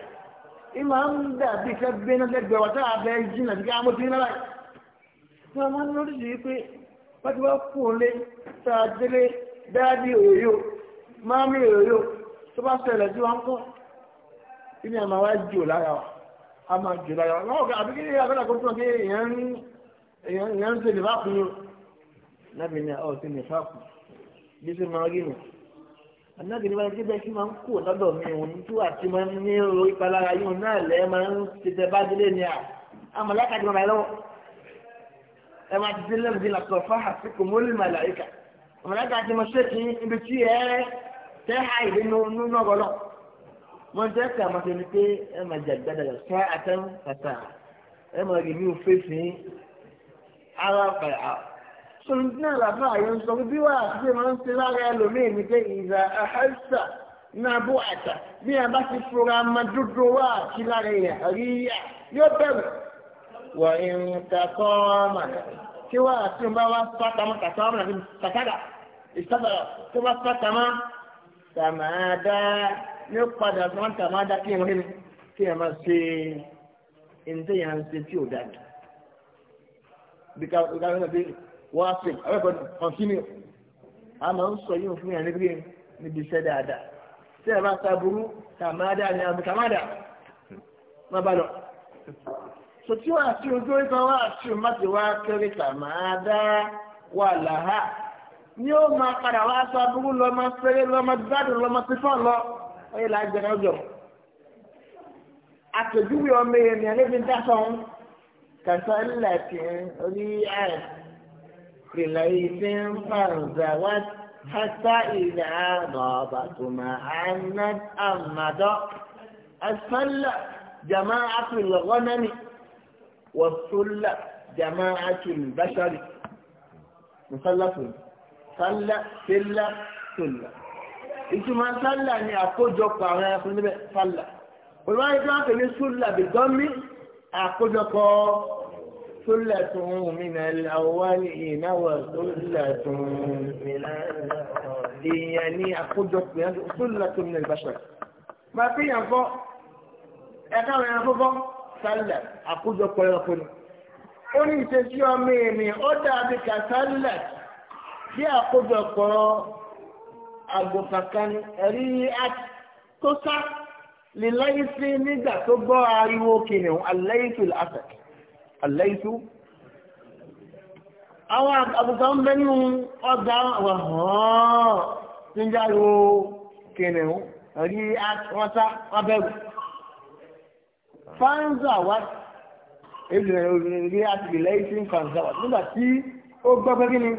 yìí máa ń dàbí fẹ́ lẹ́gbẹ̀ẹ́ jìnnà wọ́n ti wá fún un lé tá a délé dáàbí òyòyò máàmì òyòyò tó bá ṣẹlẹ̀ tí wọ́n ń kọ́ kí ni àmà wá jò lára wa a máa jò lára wa lọ́wọ́ àbí kí ni abẹ́rẹ́ kó tún ọ kí èèyàn ń ṣe lè bá kú ni o lábẹ́ ní ọ̀ sí lè fà kú bí ṣe máa rí nù anábìrin máa ń bẹ́ẹ̀ kí máa ń kú lọ́dọ̀ mi òun tó àti máa ń ní ìpalára yóò náà lẹ́ẹ̀ máa ń ṣe tẹ bá délé ni à ẹ̀ma ti ti lẹ́bi la tọ̀ fáhà sí kò mọ́lì màláìkà màláìkà ti mọ ṣéèkì ibi tí ẹ tẹ́ ha ìdí nínú ọgọlọ mọ tẹ́ ká ma ṣe ni pé ẹ ma jẹ gbẹdẹ sá àtẹn kàtà ẹ ma rí mi ò fèsì ara pẹ̀lá sọ̀rọ̀ náà làbá àyẹ̀ ń sọ pé bí wàá ṣe máa ń ṣe lára ẹlòmíì ni pé ìzà àhásà náà bó àtà bí a bá ti fura ma dúdú wá sí lára ẹ̀yà rí yá yóò bẹ̀rẹ̀. wà ìrìnkàtọ́ ọmọ tí wọ́n àti ọmọ wa sátamọ́ kàtọ́ ọmọ nàbí kàtàdà ìsàbàrà tó bá sátamọ́ tàmáadá ní padà sọ́n tàmáadá kí wọ́n hẹ́mi kí ẹ̀ máa ṣe ǹjẹ́ yà ń ṣe tí ò dáadáa. bí ká ló ń bí wọ́n á ṣe ọ̀rẹ́ kan continue a máa ń sọ yóò fún yà níbi níbi iṣẹ́ dáadáa tí ẹ̀ bá sa burú tàmáadá ni àbí tàmáadá má bá sòtí wàá sí ojú ìtàn wàá sí ọmọdé wàá kéré kà máa dá wà láhà ni ó máa padà wá sọ abúrú lọ́mọ péré lọ́mọ gbádùn lọ́mọ pípọ̀ lọ ọyẹ là á jẹrẹ ọjọ́ àpèjúwe ọmọ ènìyàn níbi dáṣọ ń kàṣọ ńlá tì ń rí àì kìlọ̀ yìí ti ń fà ń zà wá hátà ìlà rọ̀bà tó máa ń ná àmàdọ́ àṣálà jàmáà àfìlọ́gọ́ náà ni wàsúlà jama'atul bashari musallatun sálà sẹ́là sọ̀là ìtumọ̀ sálà ni àkójọpọ̀ àwọn ẹranko níbẹ̀ sálà olùwárí tí wọ́n pè ní sùlà bí gọ́mí àkójọpọ̀ sùlà tún mí nà láwá ní ìnáwó sùlà tún mí nà ìyẹn ní àkójọpọ̀ yẹn sùlà tún mí nà ìbáṣọ. màá fi yàn fọ́ ẹ̀ka àwọn ẹranko fọ́ sálẹ̀ àkójọpọ̀ ẹranko ni. ó ní ìṣesí ọmọ ènìyàn ó dàbí kà sálẹ̀ bí àkójọpọ̀ àgùntàn kan ẹ̀rí tó sá lè láyé sí nígbà tó gbọ́ ariwo kìnìún aláìsù lásẹ̀ aláìsù. àwọn àgùntàn ń bẹ nínú ọgbà àwọn hàn-án tí ń kìnìún ẹ̀rí wọ́n sá wọ́n bẹ̀rù fanzawat obìnrin obìnrin rí àtìlẹ́yìn tí ń fanzawat nígbà tí ó gbọ́ pé kí ni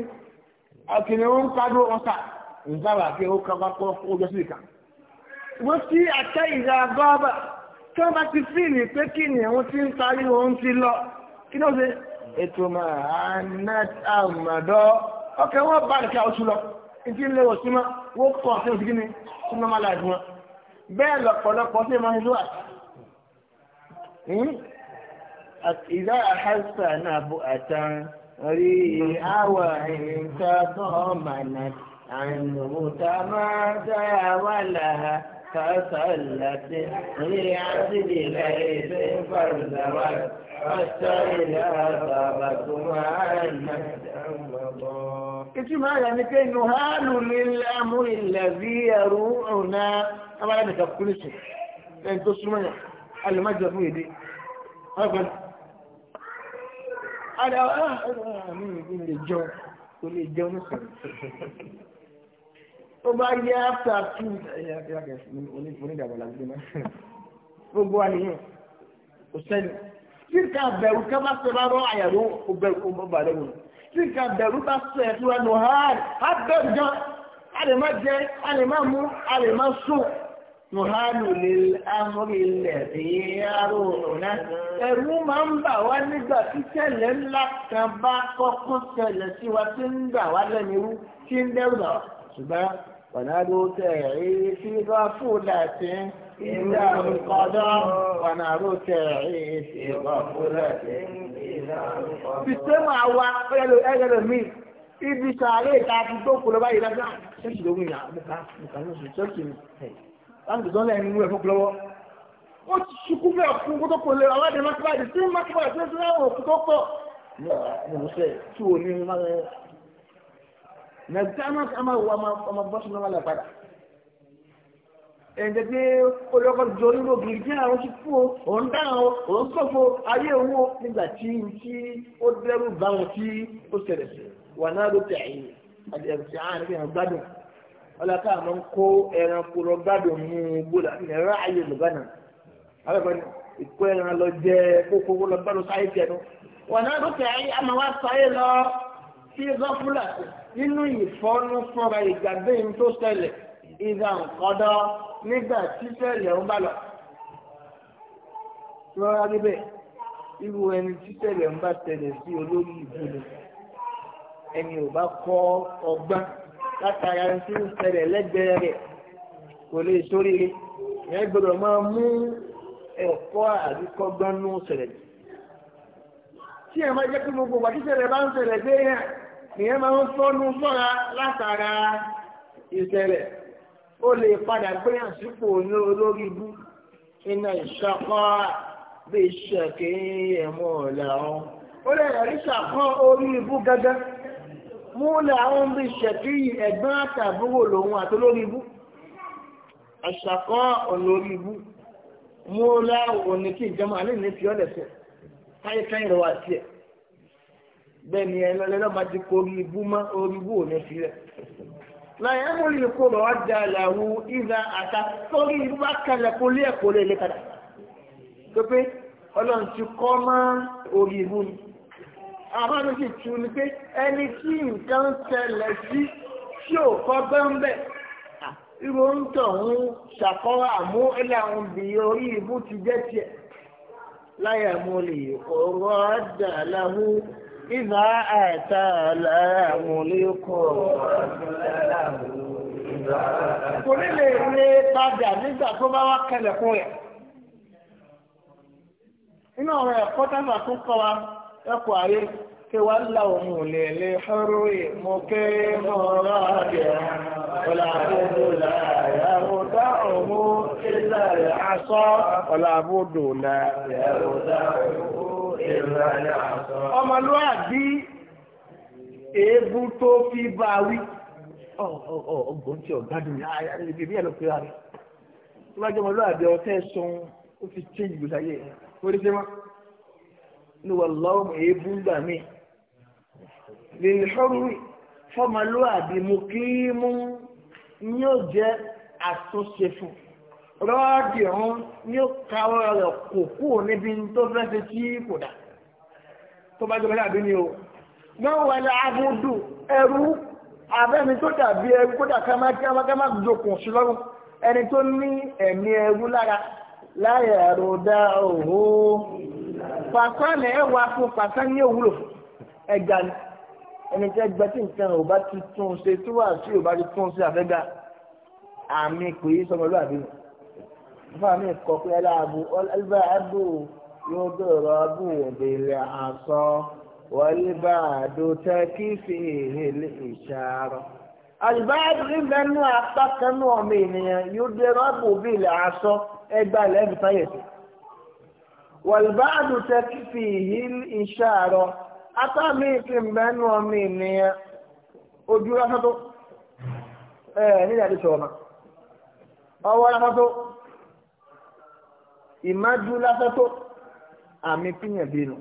àkìlẹ̀ ó ń kájú ọ̀sà ìzára kí ó kọ́ bá kọ́ ọjọ́ sí ìka wọ́n tí àtẹ́ ìzà gọ́ọ̀bà tí wọ́n bá ti fíìlì pé kí ni àwọn tí ń tarí òun ti lọ kí ló ṣe ètò àmàdọ́ ọkẹ́ wọ́n bá nìkan oṣù lọ ìdí ilé òsínmọ́ wọ́n kọ́ sí òsì kí ni súnmọ́ máa láì fún wọn bẹ́ẹ̀ lọ̀pọ̀lọpọ̀ sí ìmọ̀ ìlú àti إذا أحس نبؤة ريح وإن تضمنت عنه تمادى ولها فصلت لعزل ليل فارتوت حتى إذا أصابتها ìtumọ̀ كيف يعني كيف nùhánù للأمر الذي bí ẹrù ọ̀nà abáyẹ̀mẹ̀ta kúrìsì ẹni tó súnmọ́ yàn alùmájọ fún èdè ọgbọ̀n ara àmì ìgbìn lè jọ kò lè jọ ní sọ̀rọ̀ ó bá yẹ áfà tù onídàbọ̀lá gbé náà gbogbo àníyàn kò sẹ́ni tí nǹkan bẹ̀rù ká bá sọ bá rọ àyàwó òbẹ̀rù ó bá lẹ́wọ̀n tí nǹkan bẹ̀rù bá sọ ẹ̀ tí wọ́n nù hàn á bẹ̀rù gan نحال للأمر الذي يرونا الروم أنبا وانجا في سلم لك باقو قسل سوى سنبا وانجا سنبا وانجا سبا ونادو تعي في غفولة إلا القدر ونادو تعي في غفولة بسمع وقال أجل الميت إذ بسعليك عبدو كل بايلة سنشي دوغينا مكا مكا نشي سنشي láti dùn sọ́lẹ̀ nínú ẹ̀fọ́ lọ́wọ́ ó ti ṣukú bẹ́ẹ̀ fún kó tó kò lè aládé mákìbáyé tí mákìbáyé tí ó ti láwọn òkú tó pọ̀ nùsẹ̀ tí ò ní máa rẹ̀ nàìjíríà máa máa wà ọmọ bọ́sùn náà lè padà ẹ̀jẹ̀ pé olùkọ́ jọrí ló gírí jẹ́ àwọn ti kú òun dáhùn òun sọ́fọ́ ayé owó nígbà tí tí ó dẹ́rù báwọn tí ó ṣẹlẹ̀ sí wà náà ló tẹ̀ àyè àti ọlọ́ka àmọ́ ń kó ẹranko lọ gbádùn mú un gbódà ní ẹ̀rọ ayé lùbánà alẹ́kọ̀ọ́ ni ìkó ẹran lọ jẹ kókó lọ gbádùn sáyé jẹnu. wọn náà lókè ayé àmọ́ wá sáyé lọ sí gọ́fúlà nínú ìfọ́nú fúnra ìgbàgbé yìí tó ṣẹlẹ̀ ìdá nkọ́dọ́ nígbà tí ṣẹlẹ̀ ń bá lọ. rọra níbẹ̀ irú ẹni tí ṣẹlẹ̀ ń bá ṣẹlẹ̀ sí olórí ìbúni ẹni ò bá kọ́ ọgbọ́n látara tí ń ṣẹlẹ̀ lẹ́gbẹ̀ẹ́ rẹ̀ kò lè sórí rẹ̀ ìyẹn gbọ́dọ̀ máa mú ẹ̀kọ́ àdúkọ́gbọ́n nù ṣẹlẹ̀ tí ẹ̀ máa jẹ́ pé gbogbo wà tí ṣẹlẹ̀ bá ń ṣẹlẹ̀ dé yẹn ìyẹn máa ń fọ́nú sọ́ra látara ìṣẹ̀lẹ̀ ó lè padà gbé àsìkò ní olórí ibú iná ìṣàkọ́ bí ìṣẹ̀kẹ́ ẹ̀mọ́ ọ̀la ọ́ ó lè rí ṣàkọ́ orí ibú gángan. múlẹ̀ àwọn bí ṣẹ̀kí ẹ̀gbọ́n àtàbúrò lòun àti olórí ibú àṣàkọ́ olórí ibú múlẹ̀ òní kí ìjọba alẹ́ fi ọ́lẹ̀ sẹ̀ káyé káyé rẹ̀ wá sí ẹ̀ bẹ́ẹ̀ ni ẹ lọ́lẹ́ lọ́ba ti kó orí ibú mọ́ orí ibú òní fi rẹ̀ láyé múlẹ̀ wá àta ibú bá kalẹ̀ kó lé ẹ̀kọ́ lé pépé ọlọ́run ti kọ́ mọ́ orí ibú ni. àwọn méjì tu ni pé ẹni tí nǹkan tẹlẹ̀ sí tí ò kọ́ bẹ́ńbẹ́ irú ń tọ̀ ń ṣàkọ́wà mú ẹlẹ́ àwọn obìnrin orí ibú ti jẹ́ tiẹ̀ láyà mo lè ọ̀rọ̀ àdà ìbá àtà láyà mo lè kọ̀ kò ní lè lé padà nígbà tó bá wá kẹlẹ̀kùn rẹ̀ inú ọ̀rọ̀ ẹ̀kọ́ tábà tó kọ́ wa ẹkọ ayé kí wàá là òun lè lè ṣọ́rọ́ yìí mo ké mo rà bẹ̀ ọ̀là àbúdò láyà ọ̀dà òun ìlà àṣọ ọ̀là àbúdò láyà ọ̀dà òun ìlà àṣọ. ọmọlúwàbí èébú tó fi bá wí ọgbọ̀n tí ọ̀gbádùn ibi bí ẹ̀lọ́ pera rẹ̀ tó bá jẹ́ ọmọlúwàbí ọtẹ́ sun ó fi change gbèsè ayé rẹ̀ kó dé ṣe mọ́ ní wàláwọ̀ èébú gbà mí lèlè ṣọ́rùrì fọ́mọlúwàbí mú kí mú ní ó jẹ́ àtúnṣe fún rọ́ọ̀dì ọ̀hún ní ó káwọ́ rẹ̀ kò kúrò níbi tó fẹ́ ṣe tí kò dà tó bá jẹ́ dàbí ni o wọ́n wà ní agudu ẹrú abẹ́mi tó dàbí ẹrú kódà kámákámá jokùn sí lọ́rùn ẹni tó ní ẹ̀mí ẹrú lára láyẹ̀ ẹ̀rọ dá òhó pàṣán lẹ ẹ wá fún pàṣán ní òwúlò ẹgbà ni ẹni tí ẹgbẹ tí nǹkan ò bá ti ṣe tí wàá sí ò bá ti tún ṣe àfẹ́gà àmì kò yí sọmọ lóàbí fún àmì kọ pé aláàbò ọlọ́bà àbò yóò dọ̀rọ̀ àbò òbílẹ̀ àṣọ wọlé bá àdó tẹ kí fi èlé ìṣàrọ̀. àlùbáàdù nígbà nínú apá kan náà ọmọ ènìyàn yóò dọ̀rọ̀ àbò òbílẹ̀ àṣọ ẹgbàá lẹ́nu fáyẹ̀sì wàlbáàdù tẹ́kìfì yìí iṣẹ́ àárọ̀ atámi ìfìmbẹ́nu ọmọ ènìyàn ojú lásàtó ẹ̀ nílẹ̀ àti sọ̀rọ̀ ọwọ́ lásàtó ìmájú lásàtó àmì pínyàbínú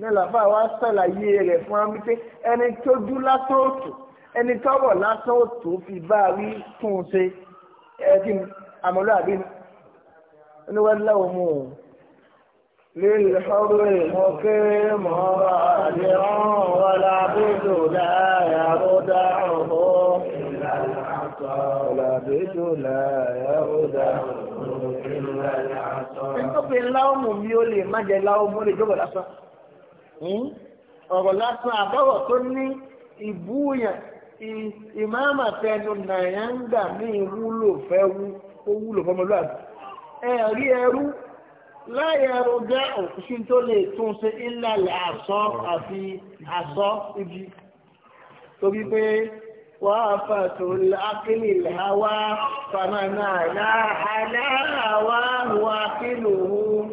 ní làbá wa sàlàyé rẹ̀ fún wa wípé ẹni tójú lásán òtò ẹni tọ́wọ̀ lásán òtò fi bá a wí tún un ṣe ẹ̀ kí ni àmọ́lú àbínú oníwájú láwọn mú òun. للحر المقيم راجع والعبد لا يردعه والعبد لا يردعه Nítorí láwọ́mù mi ó lè má jẹ láwọ́mù ó lè jókòó lásán. Hmm? Ọ̀rọ̀ lásán àbọ̀rọ̀ tó ní ìbúyàn ìmáàmà fẹnu nàìjíríà ní ìwúlò fẹ́ wú, ó wúlò fọmọlúwàbí. Ẹ̀rí ẹrú láyé ẹrù jẹ́ òkúsí tó lè tún ṣe ìlàlẹ̀ àṣọ àfi àṣọ ibi torí pé wà á fàtò lákìlì láwá fàmánà aláhàwá wà kìlò òun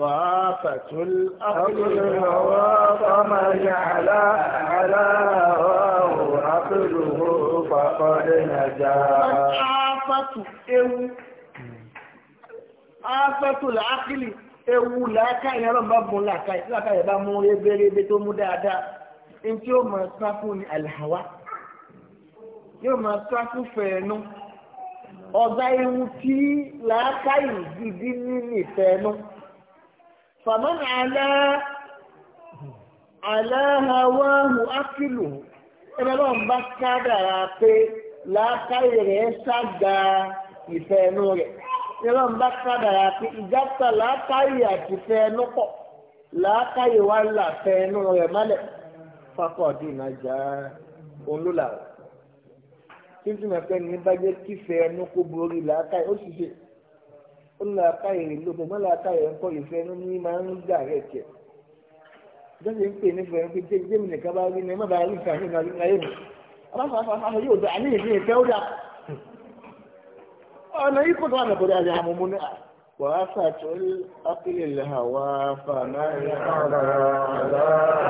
wà á fàtò lákìlì láwá fàmánà aláhàwá wà kìlò afẹ́tò làákìlì ewu làákà yẹn lọ́nà bá mú làákà yẹn làákà yẹn bá mú eberebe tó mú dáadáa ntí ó máa sá fún ni àlàáwá yóò máa sá fún fẹ̀ẹ́nu ọ̀gá ewu tí làákà yìí gidi ní nìfẹ̀ẹ́nu fàmọ́nà alẹ́ aláhàwáhù ákìlù ẹgbẹ́ náà bá kádàrà pé làákà yìí rẹ̀ ṣàgbà ìfẹ̀ẹ́nu rẹ̀ nílò ń bá kádàrà pé ìjáta làákàyè àti fẹ́ẹ́nú pọ̀ làákàyè wa ń là fẹ́ẹ́nú rẹ̀ mọ́lẹ̀ fákọ̀ọ́dì ìnajà olólà rẹ̀ títí máa fẹ́ ní bá jẹ́ kífẹ́ ẹnu kó borí làákàyè ó sì ṣe ó ní làákàyè rè lóko mọ́ làákàyè ńkọ́ ìfẹ́ ẹnu ní máa ń gbà rẹ̀ tiẹ̀ jọ́sẹ̀ ń pè ní fẹ́ pé jẹ́mi nìkan bá rí ni ẹ má bàa rí ìfẹ́ àti ìgbà ayé mi àbáfàáfà yóò dá àníyàn ní ìfẹ́ ó dáa. أنا يكون أنا أجي يا ممنع وافت العقل الهوى فمن على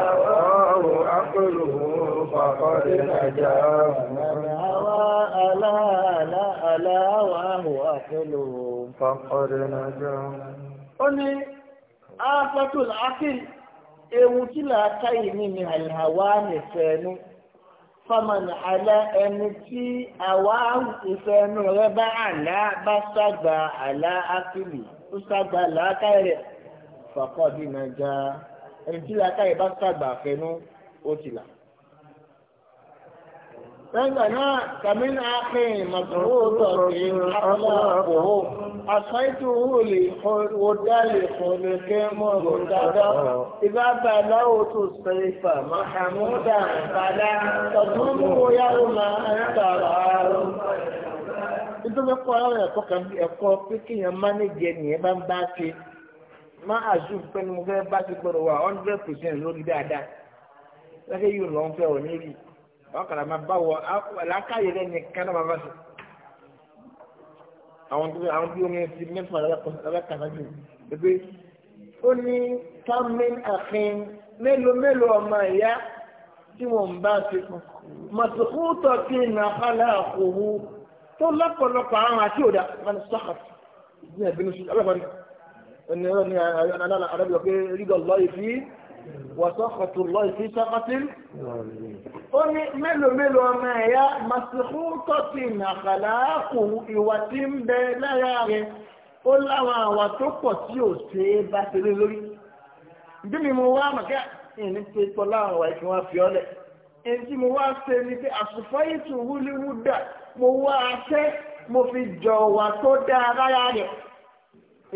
هواه عقله فقد نجا من هوى ألا لا ألا وهو عقله فقد نجا أني آفة العقل إيه وكلا كاي ni ni نسانو fọmọnà alẹ́ ẹni tí àwa ìfẹ́ ẹnu rẹ bá àlá bá ṣàgbà àlá ákìlì ó ṣàgbà làákàyè rẹ̀ fàkọ́ nàìjà ẹni tí làákàyè bá ṣàgbà fẹnu ó ti là. فأنا فمن أخي مطروطة أخلاقه عصيته لخلق خلق مهتدى إذا بلوت السيف a فلا تظنه يوم أن تراه nítorí ẹ̀kọ́ ara ẹ̀kọ́ kan bí ẹ̀kọ́ pé fẹ́ bá ṣe gbọ́dọ̀ wà hundred lórí dáadáa lọ́sẹ̀ yìí fẹ́ ọ̀ ọkàrà máa bá wọ làákàyè rẹ nìkan náà máa bá sọ àwọn tó àwọn bí omi ti mẹ́fà alákàtà jù pé ó ní kámin àfin mélòó mélòó ọmọ ìyá tí wọ́n ń bá ṣe fún màsùkú tó ti nà kálá àkòwò tó lọ́pọ̀lọpọ̀ àwọn àti òdà wọn ni sọ́kà ní ẹ̀bínú sí alábàárí ẹni ọ̀rọ̀ ni alábìyọ̀ pé rídọ̀ lọ́ọ̀ yìí fi wọ̀sọ́kọ̀tù lọ ìfí sọ́kọ́tì. ó ní mélòó mélòó ọmọ ẹ̀yà màsíkú tọ́tì nàkàlà kù ìwà tí ń bẹ lára rẹ̀ ó láwọn àwà tó pọ̀ tí ò ṣe é bá ṣe lé lórí. ìdí mi mo wá màkà ìní pé tọ́lá àwọn àwà ìfún wa fi ọ́ èyí tí mo wá ṣe ni pé àsùfáyé tù wúlíwúdà mo wá aṣẹ́ mo fi jọ wà tó dáa rárá rẹ̀.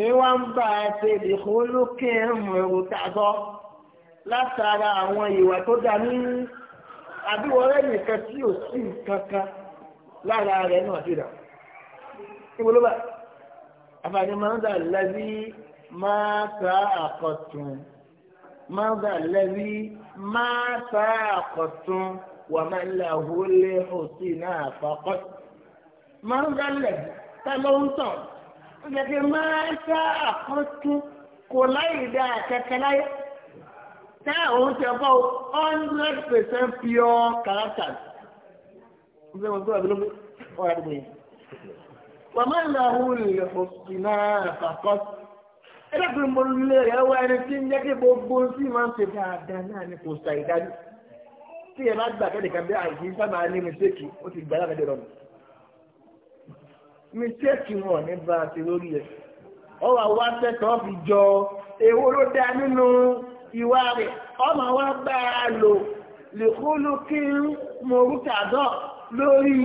ìwà ń bá a ṣe ìdìkú olókè ń mú ewu tààtọ́ látara àwọn ìwà tó dá ní àbíwọ̀rẹ́ nìkan tí ò sí kankan lára rẹ̀ náà dìrà ìwòló bá àfààní máa ń dà lẹ́bí máa ta àkọ̀tún máa ń dà lẹ́bí máa ta àkọ̀tún wà máa ń lè àwòlé òsì náà fàkọ́ máa lẹ́bí ta ló ń tàn ó jẹ́ pé máa ta àkọ̀tún kò láì dá kẹ́kẹ́ láyé tẹ́ òun ti ọkọ hundred percent pure character n fẹ́ wọn tó àbí lóbi ọ̀rọ̀ àdúgbò yẹn wọ́n máa ń lọ àwọn olùyẹ̀fọ̀sì náà fàkọ́ ẹ̀dọ́gbìn mo lè rẹ̀ wá ẹni tí ń jẹ́ kí gbogbo sí máa ń ṣe dáadáa náà ni kò sa ìdájú tí ẹ bá gbà kẹ́lẹ̀ kan bí àìsí sábà ní mistake ó ti gbà láti dọ̀rọ̀ mistake wọn ní bá a ti lórí ẹ̀ ọ wà wá tẹ́tọ́ fi jọ èwo ló dáa nínú ìwà rẹ̀ ọmọ wọn bá a lò lèkúlù kí ń mọ̀rútàdọ̀ lórí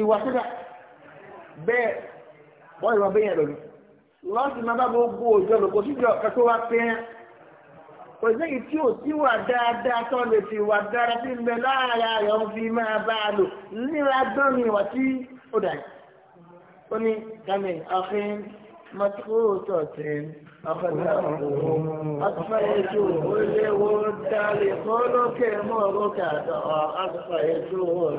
ìwà sídà bẹ́ẹ̀ wọ́n ìwà bẹ́yẹn lòlù lọ́sì máa bá gbogbo òjò lòkò síjọ ọ̀kan tó wá pẹ́ẹ́n kò sí èyí tí ò tí wà dáadáa tó lè fi wà dára sí ń bẹ láàárọ̀ rẹ̀ ń fi máa bá a lò nílá gbọ́n ni ìwà tí ó dà yìí ó ní kàmí ọ̀fin مطقوطة أخلاقهم أطفيته الود لخلق مركة أطفيته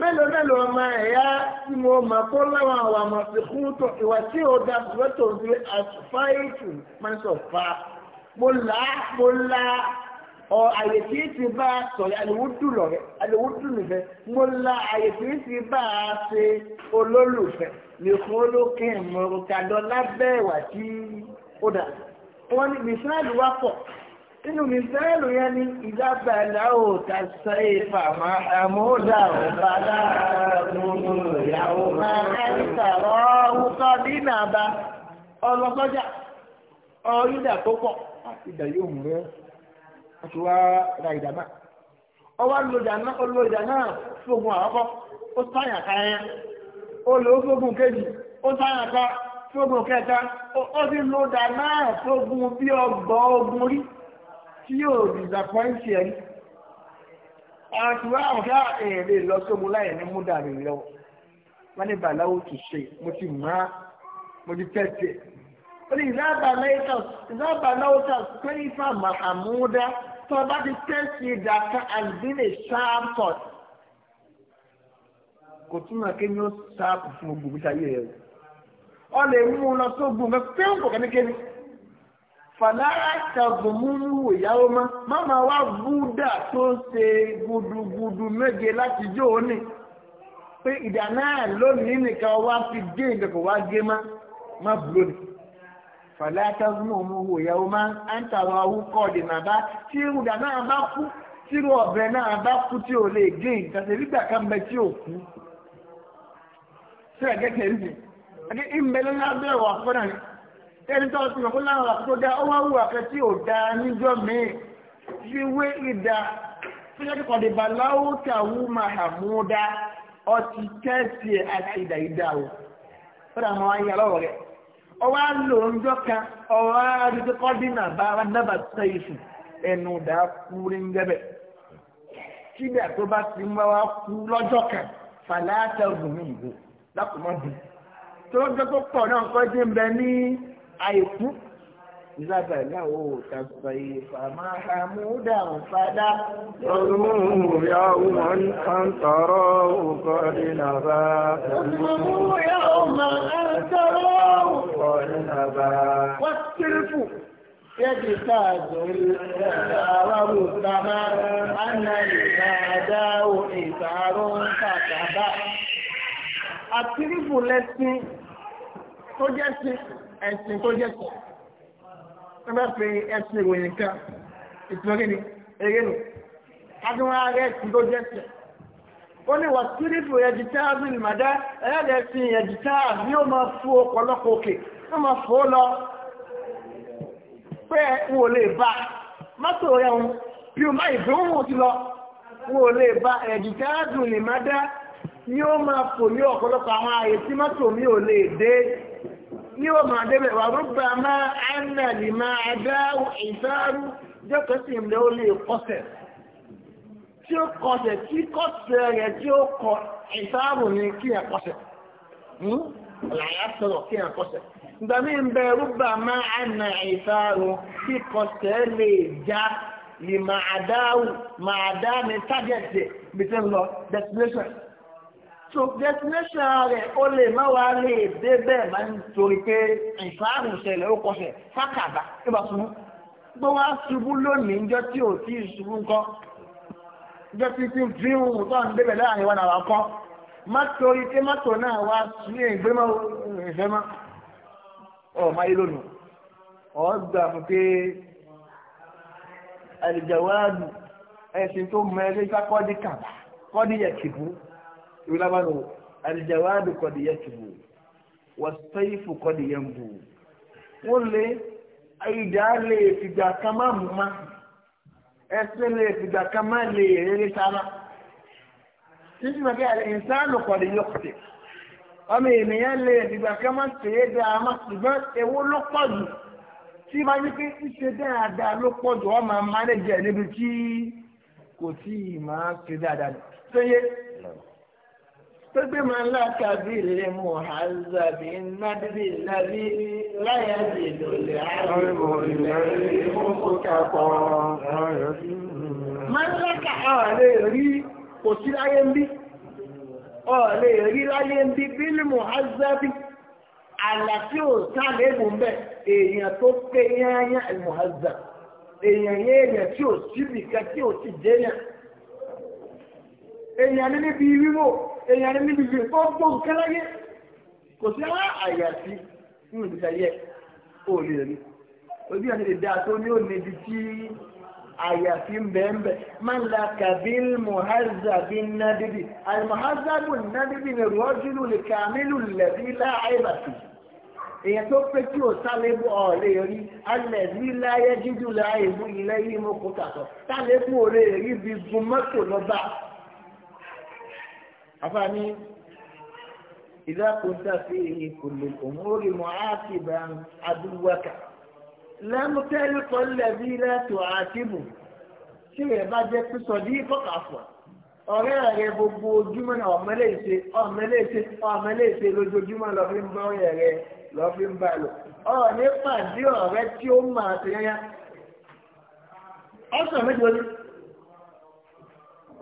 mélòó mélòó ọmọ ẹ̀yà tí mo mọ̀ kó láwọn àwọn àmọ̀síkú tó ìwà tí ó da pẹ̀lú tó ń fi àtúfáìtù mẹ́sàn fa mo là á mo là á ọ àyè tí ń ti bá sọ̀rọ̀ àlùwúdù lọ̀rẹ́ àlùwúdù nìfẹ́ mo la àyè tí ń ti bá a ṣe olólùfẹ́ nìkan olókè mọ̀rùkàdọ́ lábẹ́ ìwà tí ó dà. wọ́n ní mìsáàlù wá pọ̀ nínú mìsáàlù yẹn ní ìdábàlá ò ta sẹ́yìn fàmà àmúdà ò bá dára gbogbo ìyàwó máa ń sàrọ̀ ọ̀húnkọ́ dínà bá ọlọ́gbọ́jà ọ̀ọ́yídà tó pọ̀ àti ìdà yóò mú ẹ́ àti wá ra ìdàmà ọwọ́ lo ìdà náà fógun àkọ́kọ́ ó sáyà ká ẹyẹ ó lò ó fógun kejì ó sáyà ká fógun kẹta ó sì lo ìdà náà fógun bí ọgbọ̀n ogun rí tí yóò disappoint ẹni àti wá àwọn ká èrè lọ sógun láì ní mú dàrí lọ́wọ́ wọ́n ní bàláwo tó ṣe mo ti mọ́ mo ti tẹ̀sẹ̀ ó ní ìzábà náà tó ní ìfàmà àmúdá tó o bá ti tẹ́sí ìdá kan àlùbílẹ̀ ṣáàpọ̀ kò túmọ̀ kí ni ó ṣáàpù fún gbogbo ìgbésí ayé rẹ̀ o lè mú un lọ tó gbùn mẹ́ pẹ́ẹ́n kò kẹ́míkẹ́mí fàlàrà ṣàbùmúrú ìyàwó mọ́ máma wá búdà tó ṣe gudugudu méje láti jó o ní pé ìdá náà lónìí nìkan wá fi gé ìdẹ̀kọ̀ wá gé má má bùrọ̀ ni. fala yẹ̀wòmá àǹtàrọ̀ awúkọ́ ọ̀dìnà bá tí irúdà náà bá kú tí irú ọ̀bẹ náà bá kú tí ò lè gé nǹkan tẹ̀lé gbà kan tí ò kú. sí ẹ̀gẹ́ tẹ̀lé mi wà fọ́nà ni ẹni tó ti láwọn àkókò dá ó wá wù àkẹ́ tí ò dá níjọ́ fi wé ìdá fúnjẹ́ ọwọ́ á lò ń jọ́ka ọwọ́ á rí kíkọ́ dínà bá sẹ́yìn ẹnu dà kú rí ń gẹ́bẹ̀. kíbẹ̀ tó ti ń bá wa kú lọ́jọ́ kan fàlàtà ògùnmí ìgò lákòmọ́bí. tó lọ́jọ́ tó pọ̀ náà kọ́ dín ní àìkú لبلوا الصيف محمودا فلا ظلمه يوما أن تراه قد نبا ظلمه يوما أن تراه قد نبا والسلف يجتاز الإسلام مستمع أن الإبادة إثار كتبا السلف لسي tó jẹ́ sí ẹ̀sìn tó jẹ́ sí wọ́n bá pe ẹsẹ̀ ìròyìn kan ìtumọ̀ kí ni eré nù adúmọ̀ ààrẹ tí ó jẹ́sẹ̀ ó ní wà sírífù ẹ̀jìtá àbí ìmàdá ẹ̀yẹ́dẹ̀ sí ẹ̀jìtá àbí ó máa fú ọ̀pọ̀lọpọ̀ òkè ó máa fò ó lọ pé n ò lè bá mọ́tò rẹ̀ ń bí o má ìdúnwò ti lọ n ò lè bá ẹ̀jìtá àbí ìmàdá ni ó máa fò ní ọ̀pọ̀lọpọ̀ àwọn ààyè tí mọ́tò mi ò lè dé ní wọ́n máa débẹ̀ wà rúgbà máa ánà lè máa dáwò ìsáàrú jọ́kọ́ sí ilẹ̀ ó lè kọsẹ̀ tí ó kọsẹ̀ tí kọsẹ̀ rẹ̀ tí ó kọ ìsáàrù ni kí ẹ̀ kọsẹ̀ làyà sọ̀rọ̀ kí ẹ̀ kọsẹ̀ ìgbà mí ń lọ destination so destination rẹ̀ ó lè má wá lè dé bẹ́ẹ̀ máa ń torí pé ìfáàrù ṣẹlẹ̀ ó kọsẹ̀ fákàdá tó bá ṣubú tó wá ṣubú lónìí ńjọ́ tí ò tí ì ṣubú ńkọ́ ńjọ́ tí tí ń fi ń wù tó ń débẹ̀ láàrin wọn àwọn kan má torí pé mọ́tò náà wá sí ìgbé mọ́ ìfẹ́ mọ́ ọ̀ máa ìwé lábánu alìjàwádù kọ́dí yẹ tìbù wàsáyìfù kọ́dí yẹ ń bù wọ́n lé ìdá lè fìgbà kan má mú má ẹsẹ̀ lè fìgbà kan má lè rere sára títí mọ̀ kí ìsánù kọ́dí yọ kùtì ọmọ ènìyàn lè fìgbà kan má ṣèyé dáa má ṣùgbọ́n ewu ló pọ̀ jù tí máa ní pé ṣíṣe dáadáa ló pọ̀ jù wọ́n máa máa lè jẹ́ níbi tí kò tí ì máa ṣe dáadáa pépé máa ń lákàbí lè mú àzàbí nádìrí lábí láyà dì lòlẹ̀ àrùn ìlẹ̀ ìfowópamọ́. máa ń lákà ọ̀rẹ́ rí kò sí láyé ń bí ọ̀rẹ́ rí láyé ń bí bílímù àzàbí àlàfí ò sáré bù ń èèyàn tó pé yányá ìmọ̀ àzà èèyàn yé èèyàn tí ò síbìkan tí ò sì jẹ́yàn èèyàn ní níbi wíwò èèyàn ní níbi ìwé tó gbó nǹkan láyé kò sí ara àyà sí nínú ìdíjà yẹ ó lè rí ojú àti lè dáa tó ní ó níbi tí àyà sí ń bẹ́ẹ̀ bẹ́ẹ̀ máa ń la kabil muhazabi nadibi alimuhazabu nadibi ni rọ́júlù lè kàmílù lẹ́bí láàyè sí èèyàn tó pé tí ò sálébù ọ̀ọ́lẹ̀ rí alẹ̀ ní láyé jíjù láàyè mú ilé yìí mú kó kàtọ́ sálébù ọ̀ọ́lẹ̀ rí bí gun mọ́tò lọ́ba àfààní ìdákòóta sí èyí kò lè kòmó rí mọ́ àtìbá adúwàkà lẹ́mùtẹ́lì kọ́lẹ́bí lẹ́tọ̀ àtìbù tí rẹ̀ bá jẹ́ písọ̀ dí kọ́kàfọ̀ ọ̀rẹ́ rẹ̀ gbogbo ojúmọ́ náà ọ̀mẹ́lẹ́sẹ̀ ọ̀mẹ́lẹ́sẹ̀ ọ̀mẹ́lẹ́sẹ̀ lójoojúmọ́ lọ fi ń bọ́ ọ̀rẹ́ rẹ̀ lọ fi ń bá lò ọ̀ ní pàdé ọ̀rẹ́ tí ó máa ti yányá ọ̀sán méjì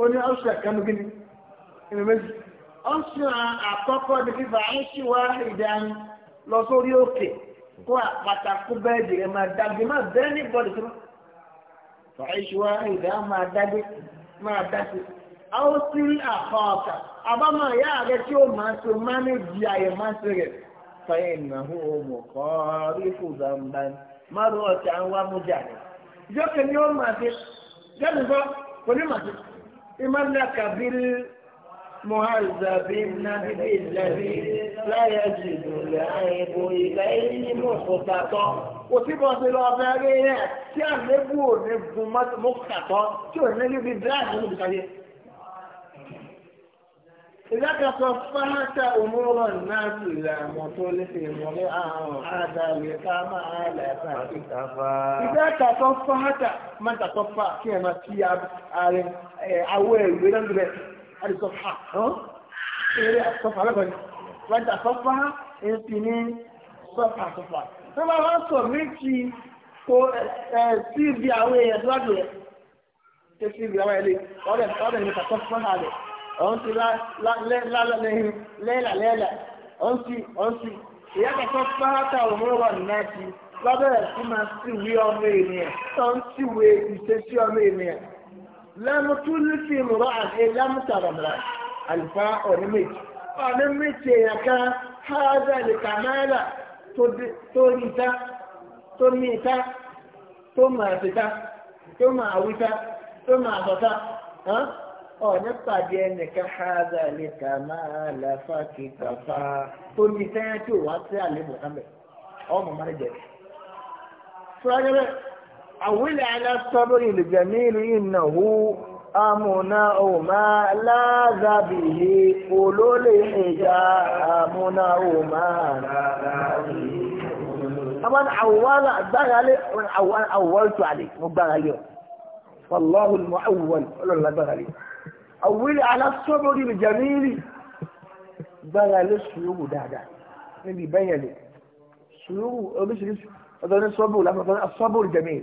ó ní ọ̀sán kanú kí ni. ìmì méjì ọ̀ṣùwọ̀n àkọ́kọ́ ni fífa ẹ̀ṣùwà ìdáni lọ sórí òkè kó àpàtà kó bẹ́ẹ̀dì rẹ̀ máa dàgbé máa bẹ́ẹ̀ ní bọ́ọ̀lù tó fà ẹ̀ṣùwà ìdáni máa dàgbé máa dàgbé. àwọn sírí àkọ́ọ̀kà àbámọ̀ ìyá rẹ̀ tí ó máa ṣe mánéjì àyè máa ṣe rẹ̀ fẹ́yìn ìnáwó ọmọ kọ́ rí fùdàmbá márùn ọ̀tí àwọn amújà rẹ̀. ìjọ́kẹ́ ni ó máa مهذبين بالذي لا يجد العيب إليه مخططا òtíbọ̀ ti lọ ọbẹ̀ rí rẹ̀ tí àlébù ò ní gun mọ́kàtọ́ tí ò ní níbi bíláàsì níbi káyé. Ìdákàsọ fáhátà òmúrọ̀ náà sì làmọ̀ tó lè fi ìmọ̀lẹ́ àrùn àdàlẹ̀ ká máa lẹ́ta síta fa. Ìdákàsọ fáhátà máa ń tàkọ́ fà kí ẹ̀ máa kí awọ ẹ̀rù lẹ́nu bẹ́ẹ̀ àdìsọ́fà ah, eré àsọ́fà lọ́gbọ̀n wọ́n ta sọ́fà èsì ní sọ́fà sọ́fà tó bá wọ́n sọ méjì kó sí ibi àwọn èèyàn tó wájú rẹ̀ tó sí ibi àwọn ẹlẹ́ ọ̀rẹ́ ọ̀rẹ́ ní kàtọ́ fún àlẹ́ ọ̀hún ti lálẹ́yìn lẹ́là lẹ́là ọ̀hún ti ọ̀hún ti ìyá kàtọ́ fáátà òmùrọ̀wà nìyá ti lọ́bẹ̀rẹ̀ sí máa síwèé ọmọ ènìyàn tó ń síwèé ìṣesí ọmọ ènìyàn لم تلف امرأة لم ترى امرأة الفاء والميت قال ميت يكا هذا الكمال تريتا تريتا ثم تتا ثم أوتا ثم أفتا ها ọ̀nà pàdé ẹnìkan ṣáájà lè kà máa là fàkì kàfà tó ní sẹ́yìn tí ò wá sí àlè mọ̀tàmẹ́ ọmọ máa jẹ. Fúrájẹ́ bẹ́ẹ̀. أول على الصبر الجميل إنه أمنع ما لاذ به أولو الحجاء أمنع ما لاذ به طبعا عوال أول عليه عوال أولت عليه مبغ عليه فالله المعول الله بغ عليه أول على الصبر الجميل بغ عليه السيوب دادا نبي بين لي سيوب أبش ọ̀dọ́ni sọ́bù lápapọ̀ sọ́bùrù jẹ̀mí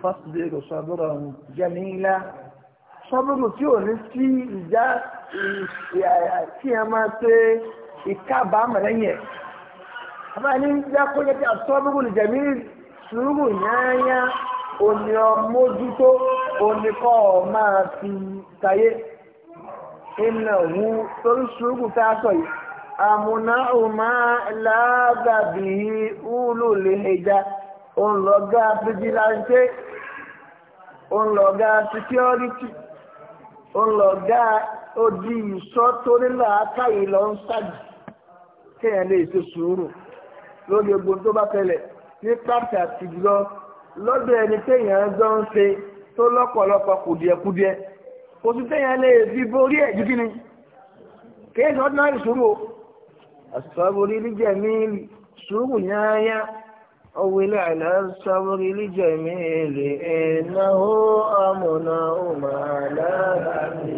fásitì sọ́bùrù jẹ̀mílá sọ́bùrù tí ò ní sí ìjà tí a máa ṣe ìkábàámọ̀ lẹ́yìn ẹ̀ àbáyé ní ìjà kó jẹ́ pé sọ́bùrù jẹ̀mí sùúrù yányá òní ọmójútó oníkọ́ máa fi tayé ìnáwó torí sùúrù tá àmúná òmá ụlọ úlù lè ẹja òǹlọ́gá fìjìláńtì òǹlọ́gá odi ìṣọ́ lọ kéèyàn lè ṣe sùúrù lórí egbò tó bá tẹlẹ̀ ní pàtàkì jùlọ lọ́dọ̀ ẹni téèyàn jọ ń ṣe tó lọ́pọ̀lọpọ̀ kùdìẹ̀kùdìẹ̀ kò sí téèyàn lè fi borí ẹ̀ jí kí ni kéèyàn o. àsọ̀bùrì líjẹ̀ mi sùúrù yáyá ọ̀wẹ́lẹ̀ àlà sọ̀bùrì líjẹ̀ mi lè ẹ̀náwó àmọ̀nà òmà lábàbí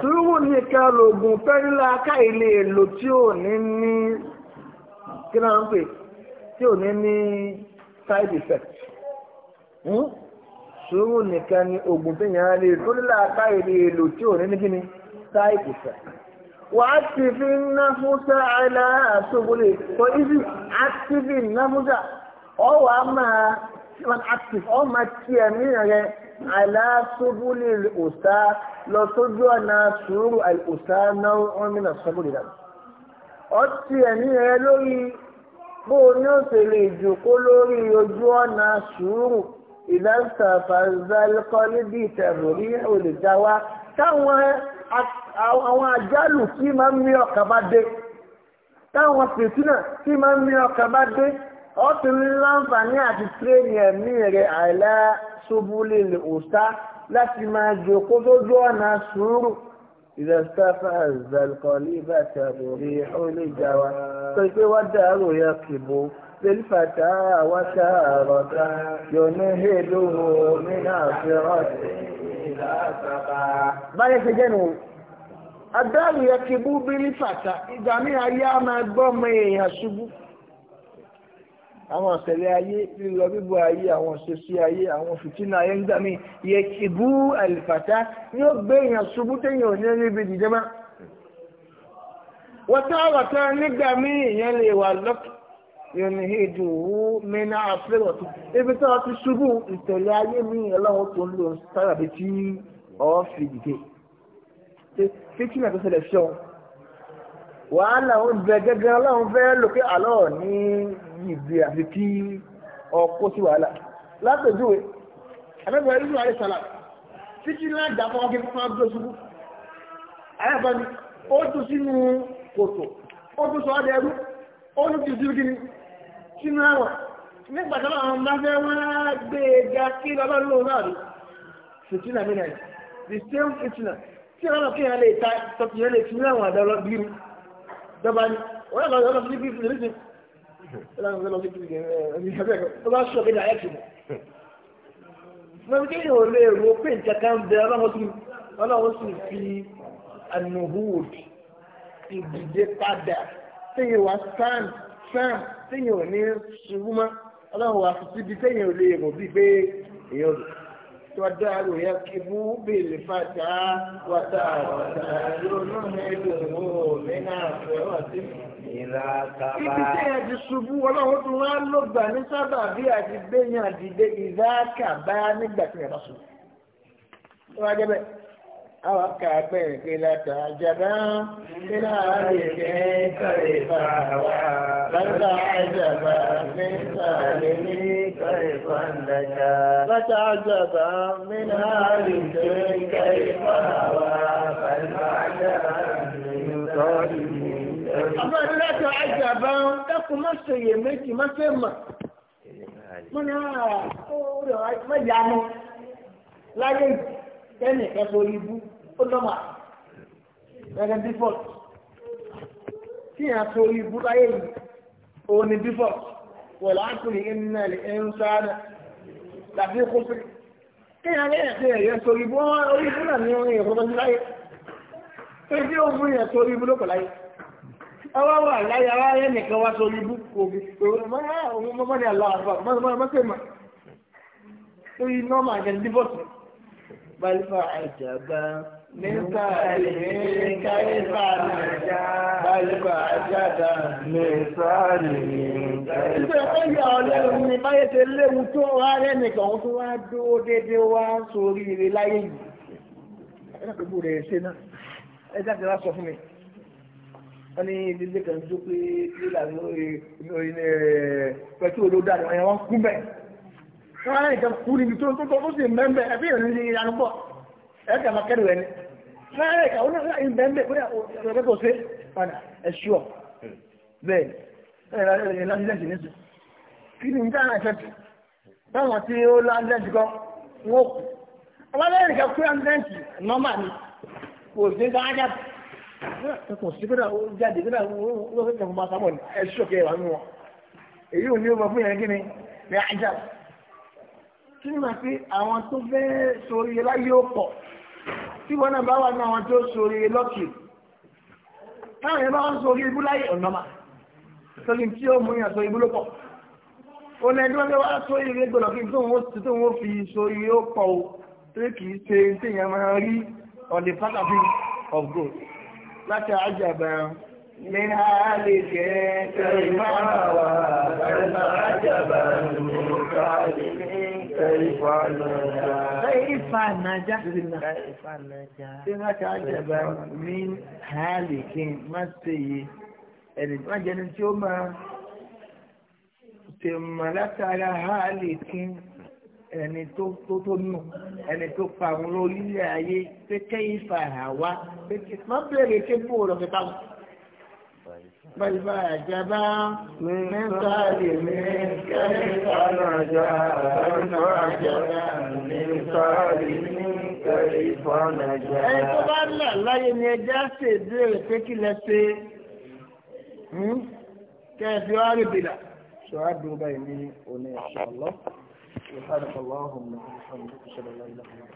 sùúrù nìkan lògùn fẹ́rílà káìlè èlò tí ò ní ní kí náà ń pè tí ò ní ní side effect sùúrù nìkan ni oògùn téèyàn á lè tó káìlè èlò tí ò ní ní kí ni side effect. وعتف النفس على سبله فإذا عتف النفس أو أما من أكتف أو ما تيمين على سبل الأساء لو تجو أن سور الأساء نوع من السبل لك ọtíẹ̀mí ẹ lórí bó o ní òṣèlè ìjòkó lórí ojú ọ̀nà sùúrù ìdáǹtà fàzálkọ́lébì àwọn àjálù tí máa ń mí ọkàn bá dé táwọn fìtínà tí máa ń mí ọkàn bá dé ó ti ń láǹfààní àti tírẹ́nì ẹ̀mí rẹ̀ àìlá ṣubúlé òṣà láti máa jòkó sójú ọ̀nà sùúrù ìrẹsẹ́fẹ́ àzẹ̀kọ̀lì bàtà òrí ó lè jà wá pé pé wọ́n dàrú yẹ kìbò. بالفتى وتارة يمهله من عشرة إلى سبعة báyẹ̀ ṣe jẹ́nu يكبو yẹ إذا bú bílí fàtà ìgbà ní ayé a máa gbọ́ ọmọ èèyàn ṣubú àwọn ọ̀sẹ̀lẹ̀ ayé lílọ bíbọ ayé àwọn ṣẹṣẹ ayé àwọn fìtínà ayé ń gbà mí yẹ kí bú àlìfàtà ni ó gbé èèyàn ṣubú téèyàn ò ní níbi ìdíjẹ́ máa wọ́n tá ọ̀rọ̀ tán nígbà míì ìyẹn lè wà lọ́kì yunihiduhu mena afẹ́rọ̀tù ibi tí wọ́n ti ṣubú ìtẹ̀lẹ̀ ayé mi ọlọ́run tó ń lò ń sára bí tí ọ́ fi dìde fíkínà tó ṣẹlẹ̀ ṣọ́ wàhálà ń bẹ gẹ́gẹ́ ọlọ́run fẹ́ lókè àlọ́ ní ìgbé àfi kí ọkọ sí wàhálà látọ̀júwe àbẹ́bọ̀ ìlú àrẹ sàlà fíkínà dàpọ̀ ọkẹ́ fún abúlé ṣubú àyàbọ̀ ni ó tún sínú kòtò ó tún sọ adẹ́rú sínú àwọ̀ nígbà tó lọ́wọ́ bá fẹ́ wọ́n á gbé e ga kí lọ́wọ́ ló náà rí fìtínà mi náà the same fìtínà tí ọlọ́run kí yẹn lè ta tọ́kì yẹn lè tún láwọn àdá lọ bí irú dọ́ba ni wọ́n lọ lọ́wọ́ sí bíbí nìyí sìn ọlọ́run lọ́wọ́ sí bíbí nìyí sìn ọba sọ pé dàrẹ́kì ni. mo kí yóò lè ro pé nǹkan kan bẹ ọlọ́run sì fi ànùhùd ìdìde padà tí wá sáà sáà téèyàn ò ní ṣubú mọ́ ọlọ́run wà fún síbi téèyàn ò lè mọ̀ bíi pé èèyàn lò tọ́dáàrò yẹ kí mú bèlè fàtà wàtà wàtà yóò náà mẹ́lò mú mẹ́nà fẹ́ràn sí ìlà kaba. ibi tí ẹ ti ṣubú ọlọ́run tún wá ló gbà ní sábà bí àti gbẹ̀yàn dìde ìlà kaba nígbà tí ẹ bá ṣubú. ó wá jẹ́ bẹ́ẹ̀ àwọn kàgbẹ́ ìgbélata àjàdá nínú àlejò kọ̀ìfà wà bàtà àjàbà nípa lèmi kọ̀ìfà ńlájà. bàtà àjàbà nínú àlejò kọ̀ìfà wà bàtà àjàbà nínú kọ̀ìfà. àbúrò láti àjàbá dákun má ṣe iyèméjì má ṣe mà mo ní àwọn ọ̀rọ̀ mẹ́jà mọ́ láyé ìtẹ́nìkan sórí ibú ó nọ́mà gẹ́gẹ́ default tí yàn so ibú láyé yìí òun ni default wọ̀ láàkùnrin iná lè ń sáárà láti kó sí kí yàn lẹ́yìn tí yàn so ibú orí ibú náà ní orin ìrọ̀lọ́ sí láyé pé bí ó mú yàn so ibú lókọ̀ láyé ọwọ́ wà láyé ara rẹ̀ nìkan wá so ibú kò bí òun mọ́mọ́ ni àlọ́ àfà mọ́mọ́ mọ́sẹ̀ mọ́ orí nọ́mà gẹ́gẹ́ default bá lè fa àjàgbá. من ساله كيف نجا بل وجد من ساله كيف نجا. ní báyé ṣe léwu tó wá rẹ́nìkan òun tó wá dúró déédéé wá sórí ire láyé yìí ẹ dàgbé rẹ̀ ṣe náà ẹ dàgbé wá sọ fún mi wọ́n ní ilé kan tó pé tírílà lórí pẹ̀tú olódà ni wọ́n kú bẹ́ẹ̀ wọ́n á rẹ̀ ìjọba kú níbi tó tó tó sì mẹ́mbẹ́ ẹ̀fí ìrìn ẹ̀ka máa kẹ́rù ẹni láàárẹ̀ ìkà wọn náà ń bẹ́ẹ̀ bóyá ọ̀rẹ́ kò ṣe padà ẹ̀ ṣùọ́ bẹ́ẹ̀ ẹ̀ lásìlẹ̀sì ní sùn kí ni níta náà ṣẹ́tù táwọn tí ó lásìlẹ̀sì kọ́ wọ́n kù ọlọ́lẹ́rìn kan kúrò lásìlẹ̀sì nọ́mà ni kò sí dáadáa kò sí kódà ó jáde kódà ó fẹ́ kẹ́kọ̀ọ́ máa sábọ̀ ní ẹ̀ ṣùọ́ kẹ́ wà nù wọn èyí ò ní ó mọ fún yẹn kí ni ní àjà kí ni màá fi àwọn tó fẹ́ sórí láyé ó pọ̀ tí wọ́n náà bá wà náà wọn tí ó sórí lọ́kì táwọn bá wọ́n sórí ibú láyé ọ̀nàmà sórí tí ó mú yàn sórí ibú ló pọ̀ ó lẹ́ni wọ́n fẹ́ wá sórí ilé gbọ́dọ̀ kí tó wọ́n fi sórí ó pọ̀ o tí kì í ṣe tí yẹn máa rí on the of gold láti àjàgbà من هالك كيف ما عجبا مخالف كيف نجا كيف نجا كيف نجا من هالك ما سي ẹni tó jẹ́ ni tí ó máa ṣe mọ̀ látara hálìkì ẹni tó tó nù ẹni tó pa àwọn olórí ilé ayé pé kẹ́yìn fà hàn má bẹ̀rẹ̀ kébù ọ̀rọ̀ kẹta wọn. Bàbá àjábá mẹ́ta lè mí kẹ́ríkà nàjà, bàbá àjábá mẹ́ta lè mí kẹ́ríkà nàjà. Ẹni tó bá là láyé ni ẹja ṣe ìbéèrè pé kí lẹ ṣe hmm? kẹ́ẹ̀fì wá rí bìlà. Ṣọ́ádù báyìí ní òní ìṣàlọ́. Ìfàdàkọ̀lọ́ ọ̀hún ní ìṣàlọ́ ìlànà.